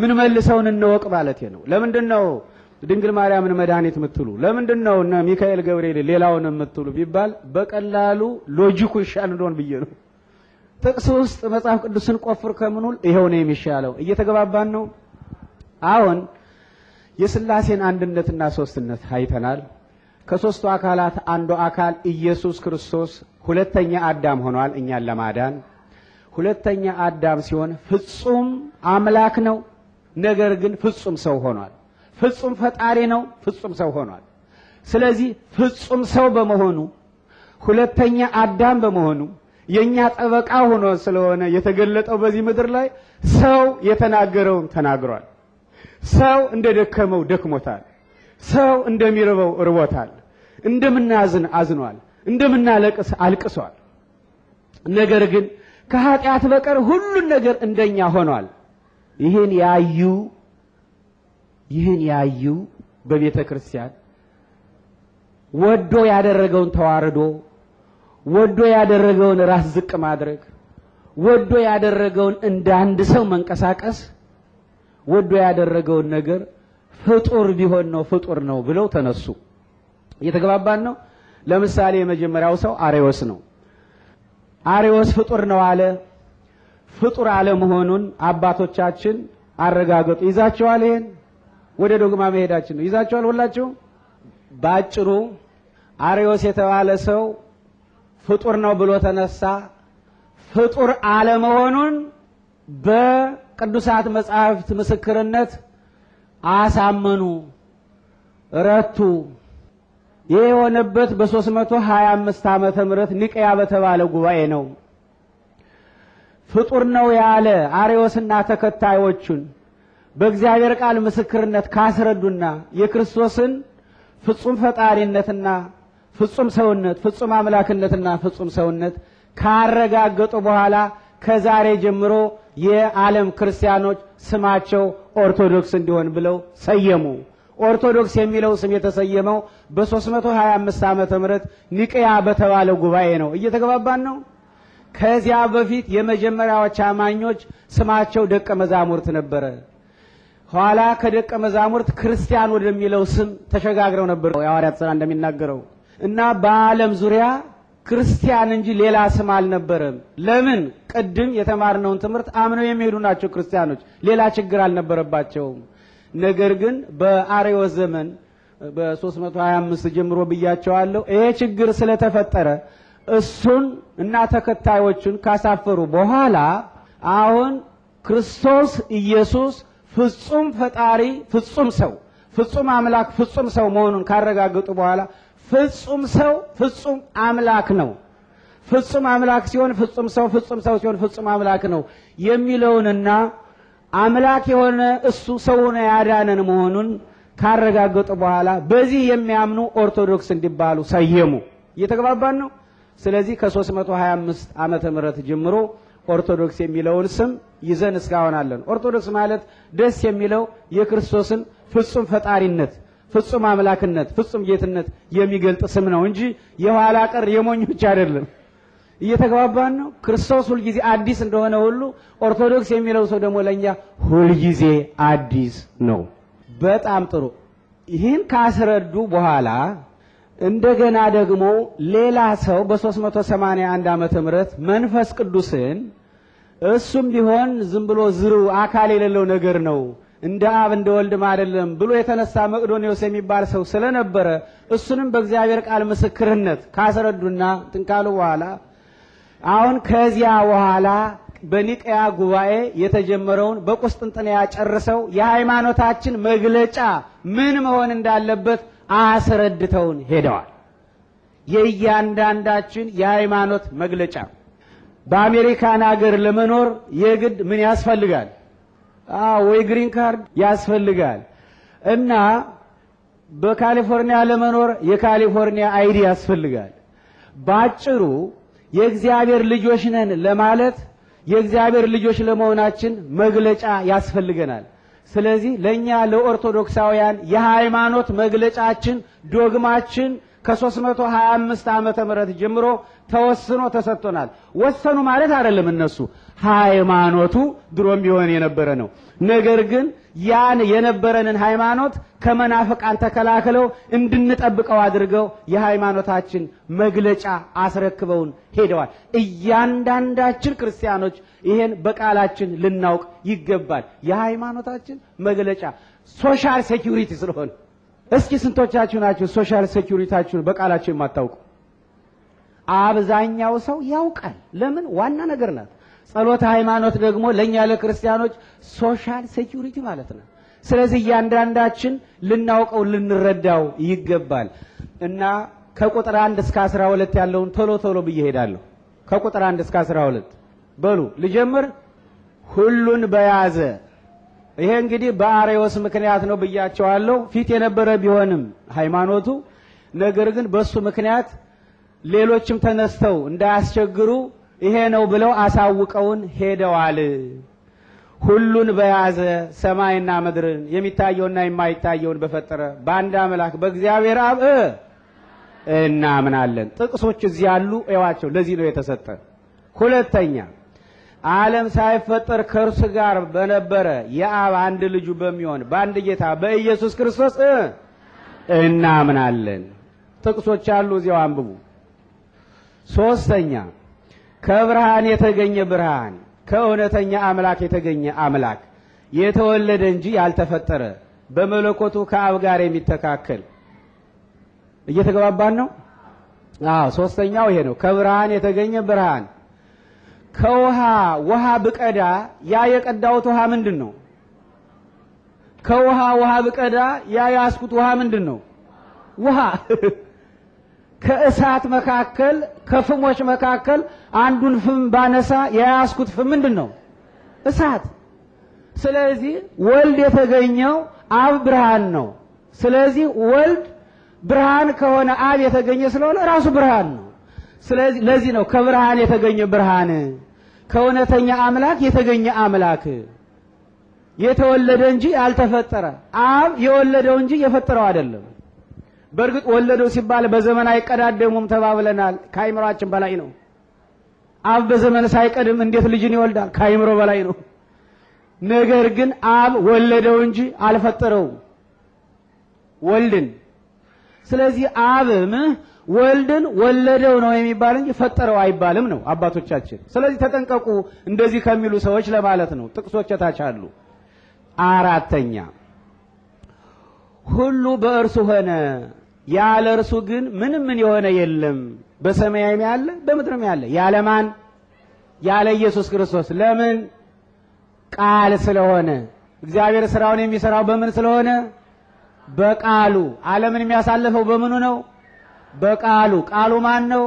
ምን መልሰውን እንወቅ ማለት ነው። ለምንድን ነው ድንግል ማርያምን መድኃኒት የምትሉ? ለምንድን ነው እነ ሚካኤል ገብርኤል ሌላውን የምትሉ ቢባል በቀላሉ ሎጂኩ ይሻል እንደሆን ብዬ ነው። ጥቅስ ውስጥ መጽሐፍ ቅዱስን ቆፍር ከምንል ይኸው ነው የሚሻለው። እየተገባባን ነው አሁን የስላሴን አንድነትና ሶስትነት አይተናል። ከሶስቱ አካላት አንዱ አካል ኢየሱስ ክርስቶስ ሁለተኛ አዳም ሆኗል እኛን ለማዳን። ሁለተኛ አዳም ሲሆን ፍጹም አምላክ ነው፣ ነገር ግን ፍጹም ሰው ሆኗል። ፍጹም ፈጣሪ ነው፣ ፍጹም ሰው ሆኗል። ስለዚህ ፍጹም ሰው በመሆኑ ሁለተኛ አዳም በመሆኑ የእኛ ጠበቃ ሆኖ ስለሆነ የተገለጠው በዚህ ምድር ላይ ሰው የተናገረውን ተናግሯል። ሰው እንደ ደከመው ደክሞታል። ሰው እንደሚርበው እርቦታል። እንደምናዝን አዝኗል። እንደምናለቅስ አልቅሷል። ነገር ግን ከኃጢአት በቀር ሁሉን ነገር እንደኛ ሆኗል። ይህን ያዩ ይህን ያዩ በቤተ ክርስቲያን ወዶ ያደረገውን ተዋርዶ ወዶ ያደረገውን ራስ ዝቅ ማድረግ ወዶ ያደረገውን እንደ አንድ ሰው መንቀሳቀስ ወዶ ያደረገውን ነገር ፍጡር ቢሆን ነው ፍጡር ነው ብለው ተነሱ። እየተግባባን ነው። ለምሳሌ የመጀመሪያው ሰው አሬዎስ ነው። አሬዎስ ፍጡር ነው አለ። ፍጡር አለመሆኑን አባቶቻችን አረጋገጡ። ይዛቸዋል። ይሄን ወደ ዶግማ መሄዳችን ነው። ይዛቸዋል ሁላችሁ። ባጭሩ አሬዎስ የተባለ ሰው ፍጡር ነው ብሎ ተነሳ። ፍጡር አለመሆኑን በ ቅዱሳት መጻሕፍት ምስክርነት አሳመኑ፣ ረቱ። ይህ የሆነበት በ325 ዓመተ ምህረት ኒቅያ በተባለ ጉባኤ ነው። ፍጡር ነው ያለ አርዮስና ተከታዮቹን በእግዚአብሔር ቃል ምስክርነት ካስረዱና የክርስቶስን ፍጹም ፈጣሪነትና ፍጹም ሰውነት፣ ፍጹም አምላክነትና ፍጹም ሰውነት ካረጋገጡ በኋላ ከዛሬ ጀምሮ የዓለም ክርስቲያኖች ስማቸው ኦርቶዶክስ እንዲሆን ብለው ሰየሙ። ኦርቶዶክስ የሚለው ስም የተሰየመው በ325 ዓመተ ምህረት ኒቅያ በተባለው ጉባኤ ነው። እየተገባባን ነው። ከዚያ በፊት የመጀመሪያዎች አማኞች ስማቸው ደቀ መዛሙርት ነበረ። ኋላ ከደቀ መዛሙርት ክርስቲያን ወደሚለው ስም ተሸጋግረው ነበር። የሐዋርያት ሥራ እንደሚናገረው እና በዓለም ዙሪያ ክርስቲያን እንጂ ሌላ ስም አልነበረም። ለምን? ቅድም የተማርነውን ትምህርት አምነው የሚሄዱ ናቸው ክርስቲያኖች። ሌላ ችግር አልነበረባቸውም። ነገር ግን በአሬዎስ ዘመን በ325 ጀምሮ ብያቸዋለሁ። ይሄ ችግር ስለተፈጠረ እሱን እና ተከታዮቹን ካሳፈሩ በኋላ አሁን ክርስቶስ ኢየሱስ ፍጹም ፈጣሪ፣ ፍጹም ሰው፣ ፍጹም አምላክ፣ ፍጹም ሰው መሆኑን ካረጋገጡ በኋላ ፍጹም ሰው ፍጹም አምላክ ነው። ፍጹም አምላክ ሲሆን ፍጹም ሰው፣ ፍጹም ሰው ሲሆን ፍጹም አምላክ ነው የሚለውንና አምላክ የሆነ እሱ ሰውን ያዳነን መሆኑን ካረጋገጡ በኋላ በዚህ የሚያምኑ ኦርቶዶክስ እንዲባሉ ሰየሙ። እየተግባባን ነው። ስለዚህ ከ325 ዓመተ ምህረት ጀምሮ ኦርቶዶክስ የሚለውን ስም ይዘን እስካሁን አለን። ኦርቶዶክስ ማለት ደስ የሚለው የክርስቶስን ፍጹም ፈጣሪነት ፍጹም አምላክነት፣ ፍጹም ጌትነት የሚገልጥ ስም ነው እንጂ የኋላ ቀር የሞኞች አይደለም። እየተግባባን ነው። ክርስቶስ ሁልጊዜ አዲስ እንደሆነ ሁሉ ኦርቶዶክስ የሚለው ሰው ደግሞ ለእኛ ሁልጊዜ አዲስ ነው። በጣም ጥሩ። ይህን ካስረዱ በኋላ እንደገና ደግሞ ሌላ ሰው በ381 ዓመተ ምህረት መንፈስ ቅዱስን እሱም ቢሆን ዝም ብሎ ዝሩ አካል የሌለው ነገር ነው እንደ አብ እንደ ወልድም አይደለም ብሎ የተነሳ መቅዶኒዎስ የሚባል ሰው ስለነበረ እሱንም በእግዚአብሔር ቃል ምስክርነት ካስረዱና ጥንቃሉ በኋላ አሁን ከዚያ በኋላ በኒቀያ ጉባኤ የተጀመረውን በቁስጥንጥንያ ጨርሰው የሃይማኖታችን መግለጫ ምን መሆን እንዳለበት አስረድተውን ሄደዋል። የእያንዳንዳችን የሃይማኖት መግለጫ በአሜሪካን ሀገር ለመኖር የግድ ምን ያስፈልጋል? ወይ ግሪን ካርድ ያስፈልጋል እና በካሊፎርኒያ ለመኖር የካሊፎርኒያ አይዲ ያስፈልጋል። ባጭሩ የእግዚአብሔር ልጆች ነን ለማለት የእግዚአብሔር ልጆች ለመሆናችን መግለጫ ያስፈልገናል። ስለዚህ ለእኛ ለኦርቶዶክሳውያን የሃይማኖት መግለጫችን ዶግማችን ከ325 ዓመተ ምህረት ጀምሮ ተወስኖ ተሰጥቶናል። ወሰኑ ማለት አይደለም እነሱ ሃይማኖቱ ድሮም ቢሆን የነበረ ነው። ነገር ግን ያን የነበረንን ሃይማኖት ከመናፍቃን ተከላክለው እንድንጠብቀው አድርገው የሃይማኖታችን መግለጫ አስረክበውን ሄደዋል። እያንዳንዳችን ክርስቲያኖች ይሄን በቃላችን ልናውቅ ይገባል። የሃይማኖታችን መግለጫ ሶሻል ሴኪሪቲ ስለሆነ፣ እስኪ ስንቶቻችሁ ናችሁ ሶሻል ሴኩሪቲያችሁን በቃላችሁ የማታውቁ? አብዛኛው ሰው ያውቃል። ለምን? ዋና ነገር ናት። ጸሎተ ሃይማኖት ደግሞ ለእኛ ለክርስቲያኖች ሶሻል ሴኪሪቲ ማለት ነው። ስለዚህ እያንዳንዳችን ልናውቀው ልንረዳው ይገባል እና ከቁጥር አንድ እስከ አስራ ሁለት ያለውን ቶሎ ቶሎ ብዬ ሄዳለሁ። ከቁጥር አንድ እስከ አስራ ሁለት በሉ ልጀምር። ሁሉን በያዘ ይሄ እንግዲህ በአሬዎስ ምክንያት ነው ብያቸዋለሁ። ፊት የነበረ ቢሆንም ሃይማኖቱ ነገር ግን በእሱ ምክንያት ሌሎችም ተነስተው እንዳያስቸግሩ ይሄ ነው ብለው አሳውቀውን ሄደዋል። ሁሉን በያዘ ሰማይና ምድርን የሚታየውና የማይታየውን በፈጠረ በአንድ አምላክ በእግዚአብሔር አብ እናምናለን። ጥቅሶች እዚህ ያሉ እዋቸው ለዚህ ነው የተሰጠ። ሁለተኛ ዓለም ሳይፈጠር ከእርሱ ጋር በነበረ የአብ አንድ ልጁ በሚሆን በአንድ ጌታ በኢየሱስ ክርስቶስ እናምናለን። ጥቅሶች አሉ፣ እዚያው አንብቡ። ሶስተኛ ከብርሃን የተገኘ ብርሃን ከእውነተኛ አምላክ የተገኘ አምላክ የተወለደ እንጂ ያልተፈጠረ በመለኮቱ ከአብ ጋር የሚተካከል እየተገባባን ነው። አዎ ሶስተኛው ይሄ ነው። ከብርሃን የተገኘ ብርሃን ከውሃ ውሃ ብቀዳ ያ የቀዳሁት ውሃ ምንድን ነው? ከውሃ ውሃ ብቀዳ ያ ያስኩት ውሃ ምንድን ነው? ውሃ ከእሳት መካከል ከፍሞች መካከል አንዱን ፍም ባነሳ የያዝኩት ፍም ምንድን ነው? እሳት። ስለዚህ ወልድ የተገኘው አብ ብርሃን ነው። ስለዚህ ወልድ ብርሃን ከሆነ አብ የተገኘ ስለሆነ ራሱ ብርሃን ነው። ስለዚህ ለዚህ ነው ከብርሃን የተገኘ ብርሃን፣ ከእውነተኛ አምላክ የተገኘ አምላክ፣ የተወለደ እንጂ ያልተፈጠረ አብ የወለደው እንጂ የፈጠረው አይደለም። በእርግጥ ወለደው ሲባል በዘመን አይቀዳደሙም ተባብለናል። ከአይምሯችን በላይ ነው። አብ በዘመን ሳይቀድም እንዴት ልጅን ይወልዳል? ከአይምሮ በላይ ነው። ነገር ግን አብ ወለደው እንጂ አልፈጠረውም ወልድን። ስለዚህ አብም ወልድን ወለደው ነው የሚባል እንጂ ፈጠረው አይባልም ነው አባቶቻችን። ስለዚህ ተጠንቀቁ እንደዚህ ከሚሉ ሰዎች ለማለት ነው። ጥቅሶች ታች አሉ። አራተኛ ሁሉ በእርሱ ሆነ ያለ እርሱ ግን ምንም ምን የሆነ የለም። በሰማይም ያለ በምድርም ያለ ያለ ማን? ያለ ኢየሱስ ክርስቶስ። ለምን? ቃል ስለሆነ። እግዚአብሔር ስራውን የሚሰራው በምን ስለሆነ? በቃሉ። ዓለምን የሚያሳልፈው በምኑ ነው? በቃሉ። ቃሉ ማን ነው?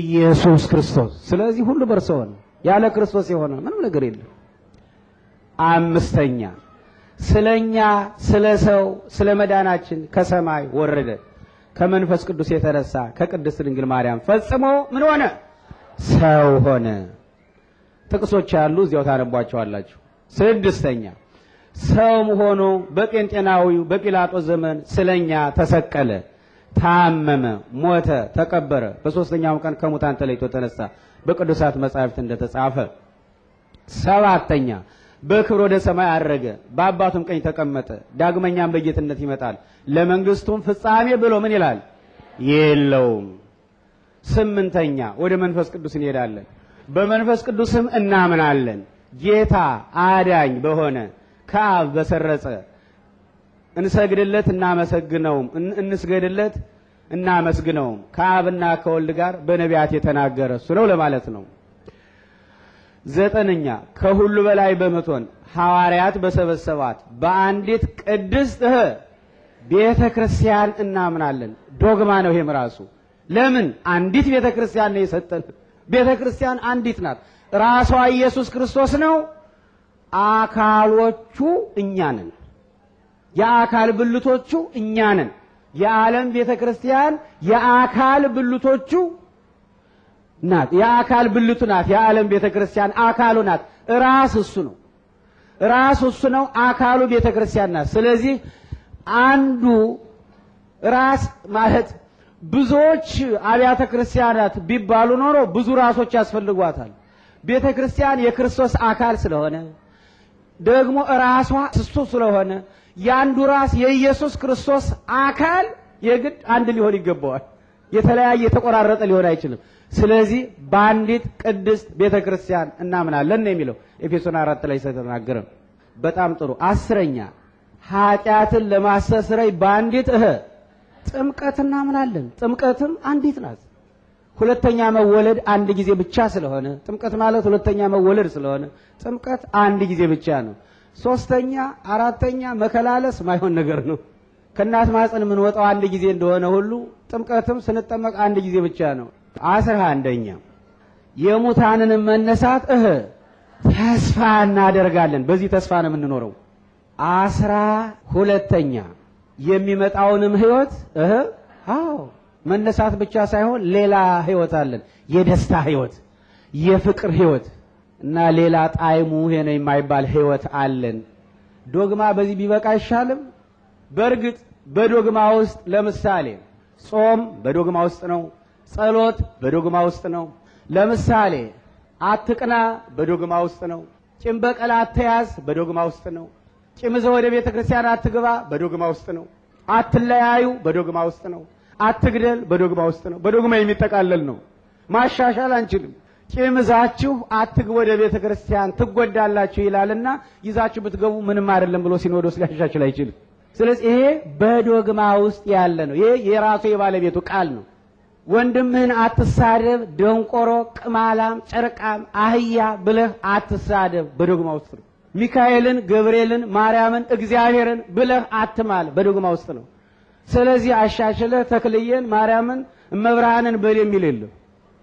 ኢየሱስ ክርስቶስ። ስለዚህ ሁሉ በርሰው ያለ ክርስቶስ የሆነ ምንም ነገር የለም። አምስተኛ ስለኛ ስለ ሰው ስለ መዳናችን ከሰማይ ወረደ። ከመንፈስ ቅዱስ የተነሳ ከቅድስት ድንግል ማርያም ፈጽሞ ምን ሆነ? ሰው ሆነ። ጥቅሶች ያሉ እዚያው ታነቧቸዋላችሁ። ስድስተኛ ሰው ሆኖ በጴንጤናዊው በጲላጦስ ዘመን ስለኛ ተሰቀለ፣ ታመመ፣ ሞተ፣ ተቀበረ፣ በሦስተኛውም ቀን ከሙታን ተለይቶ ተነሳ፣ በቅዱሳት መጻሕፍት እንደተጻፈ። ሰባተኛ በክብር ወደ ሰማይ አረገ፣ በአባቱም ቀኝ ተቀመጠ። ዳግመኛም በጌትነት ይመጣል፣ ለመንግስቱም ፍጻሜ ብሎ ምን ይላል የለውም። ስምንተኛ ወደ መንፈስ ቅዱስ እንሄዳለን። በመንፈስ ቅዱስም እናምናለን። ጌታ አዳኝ በሆነ ከአብ በሰረጸ እንሰግድለት እናመሰግነውም እንስገድለት እናመስግነውም ከአብና ከወልድ ጋር በነቢያት የተናገረ እሱ ነው ለማለት ነው። ዘጠነኛ ከሁሉ በላይ በመቶን ሐዋርያት በሰበሰባት በአንዲት ቅድስት እህ ቤተ ክርስቲያን እናምናለን። ዶግማ ነው ይሄም ራሱ። ለምን አንዲት ቤተ ክርስቲያን ነው የሰጠን? ቤተ ክርስቲያን አንዲት ናት። ራሷ ኢየሱስ ክርስቶስ ነው። አካሎቹ እኛ ነን። የአካል ብልቶቹ እኛ ነን። የዓለም ቤተ ክርስቲያን የአካል ብልቶቹ ናት። የአካል ብልቱ ናት። የዓለም ቤተ ክርስቲያን አካሉ ናት። ራስ እሱ ነው። ራስ እሱ ነው። አካሉ ቤተ ክርስቲያን ናት። ስለዚህ አንዱ ራስ ማለት ብዙዎች አብያተ ክርስቲያናት ቢባሉ ኖሮ ብዙ ራሶች ያስፈልጓታል። ቤተ ክርስቲያን የክርስቶስ አካል ስለሆነ ደግሞ ራሷ እሱ ስለሆነ የአንዱ ራስ የኢየሱስ ክርስቶስ አካል የግድ አንድ ሊሆን ይገባዋል። የተለያየ የተቆራረጠ ሊሆን አይችልም። ስለዚህ በአንዲት ቅድስት ቤተ ክርስቲያን እናምናለን የሚለው ኤፌሶን አራት ላይ ስለተናገረ በጣም ጥሩ። አስረኛ ኃጢአትን ለማስተስረይ በአንዲት እህ ጥምቀት እናምናለን። ጥምቀትም አንዲት ናት። ሁለተኛ መወለድ አንድ ጊዜ ብቻ ስለሆነ ጥምቀት ማለት ሁለተኛ መወለድ ስለሆነ ጥምቀት አንድ ጊዜ ብቻ ነው። ሶስተኛ አራተኛ መከላለስ ማይሆን ነገር ነው። ከእናት ማጽን የምንወጣው አንድ ጊዜ እንደሆነ ሁሉ ጥምቀትም ስንጠመቅ አንድ ጊዜ ብቻ ነው። አስራ አንደኛ የሙታንንም መነሳት እህ ተስፋ እናደርጋለን። በዚህ ተስፋ ነው የምንኖረው። አስራ ሁለተኛ የሚመጣውንም ህይወት እህ አዎ መነሳት ብቻ ሳይሆን ሌላ ህይወት አለን። የደስታ ህይወት፣ የፍቅር ህይወት እና ሌላ ጣዕሙ ይሄ ነው የማይባል ህይወት አለን። ዶግማ በዚህ ቢበቃ አይሻልም? በእርግጥ በዶግማ ውስጥ ለምሳሌ ጾም በዶግማ ውስጥ ነው። ጸሎት በዶግማ ውስጥ ነው። ለምሳሌ አትቅና በዶግማ ውስጥ ነው። ቂም በቀል አትያዝ በዶግማ ውስጥ ነው። ጭምዘ ይዘህ ወደ ቤተ ክርስቲያን አትግባ በዶግማ ውስጥ ነው። አትለያዩ በዶግማ ውስጥ ነው። አትግደል በዶግማ ውስጥ ነው። በዶግማ የሚጠቃለል ነው። ማሻሻል አንችልም። ጭምዛችሁ ይዛችሁ አትግ ወደ ቤተ ክርስቲያን ትጎዳላችሁ ይላልና ይዛችሁ ብትገቡ ምንም አይደለም ብሎ ሲኖዶስ ሊያሻሽል አይችልም። ስለዚህ ይሄ በዶግማ ውስጥ ያለ ነው። ይሄ የራሱ የባለቤቱ ቃል ነው። ወንድምህን አትሳደብ፣ ደንቆሮ፣ ቅማላም፣ ጨርቃም፣ አህያ ብለህ አትሳደብ። በዶግማ ውስጥ ነው። ሚካኤልን፣ ገብርኤልን፣ ማርያምን፣ እግዚአብሔርን ብለህ አትማል። በዶግማ ውስጥ ነው። ስለዚህ አሻሽለህ ተክልዬን፣ ማርያምን፣ እመብርሃንን በል የሚል የለም።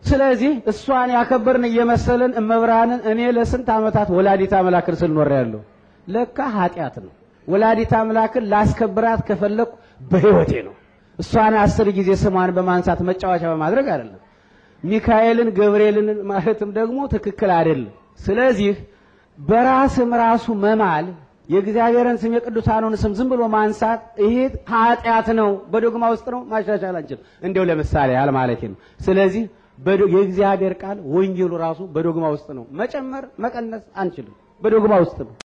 ስለዚህ እሷን ያከበርን እየመሰልን እመብርሃንን እኔ ለስንት ዓመታት ወላዲተ አምላክን ስል ኖሬያለሁ። ለካ ኃጢአት ነው። ወላዲት አምላክን ላስከብራት ከፈለኩ በህይወቴ ነው። እሷን አስር ጊዜ ስሟን በማንሳት መጫወቻ በማድረግ አይደለም። ሚካኤልን ገብርኤልን ማለትም ደግሞ ትክክል አይደለም። ስለዚህ በራስም ራሱ መማል የእግዚአብሔርን ስም የቅዱሳኑን ስም ዝም ብሎ ማንሳት ይሄ ኃጢአት ነው። በዶግማ ውስጥ ነው፣ ማሻሻል አንችልም። እንዲያው ለምሳሌ ያል ማለት ነው። ስለዚህ የእግዚአብሔር ቃል ወንጌሉ ራሱ በዶግማ ውስጥ ነው። መጨመር መቀነስ አንችልም። በዶግማ ውስጥ ነው።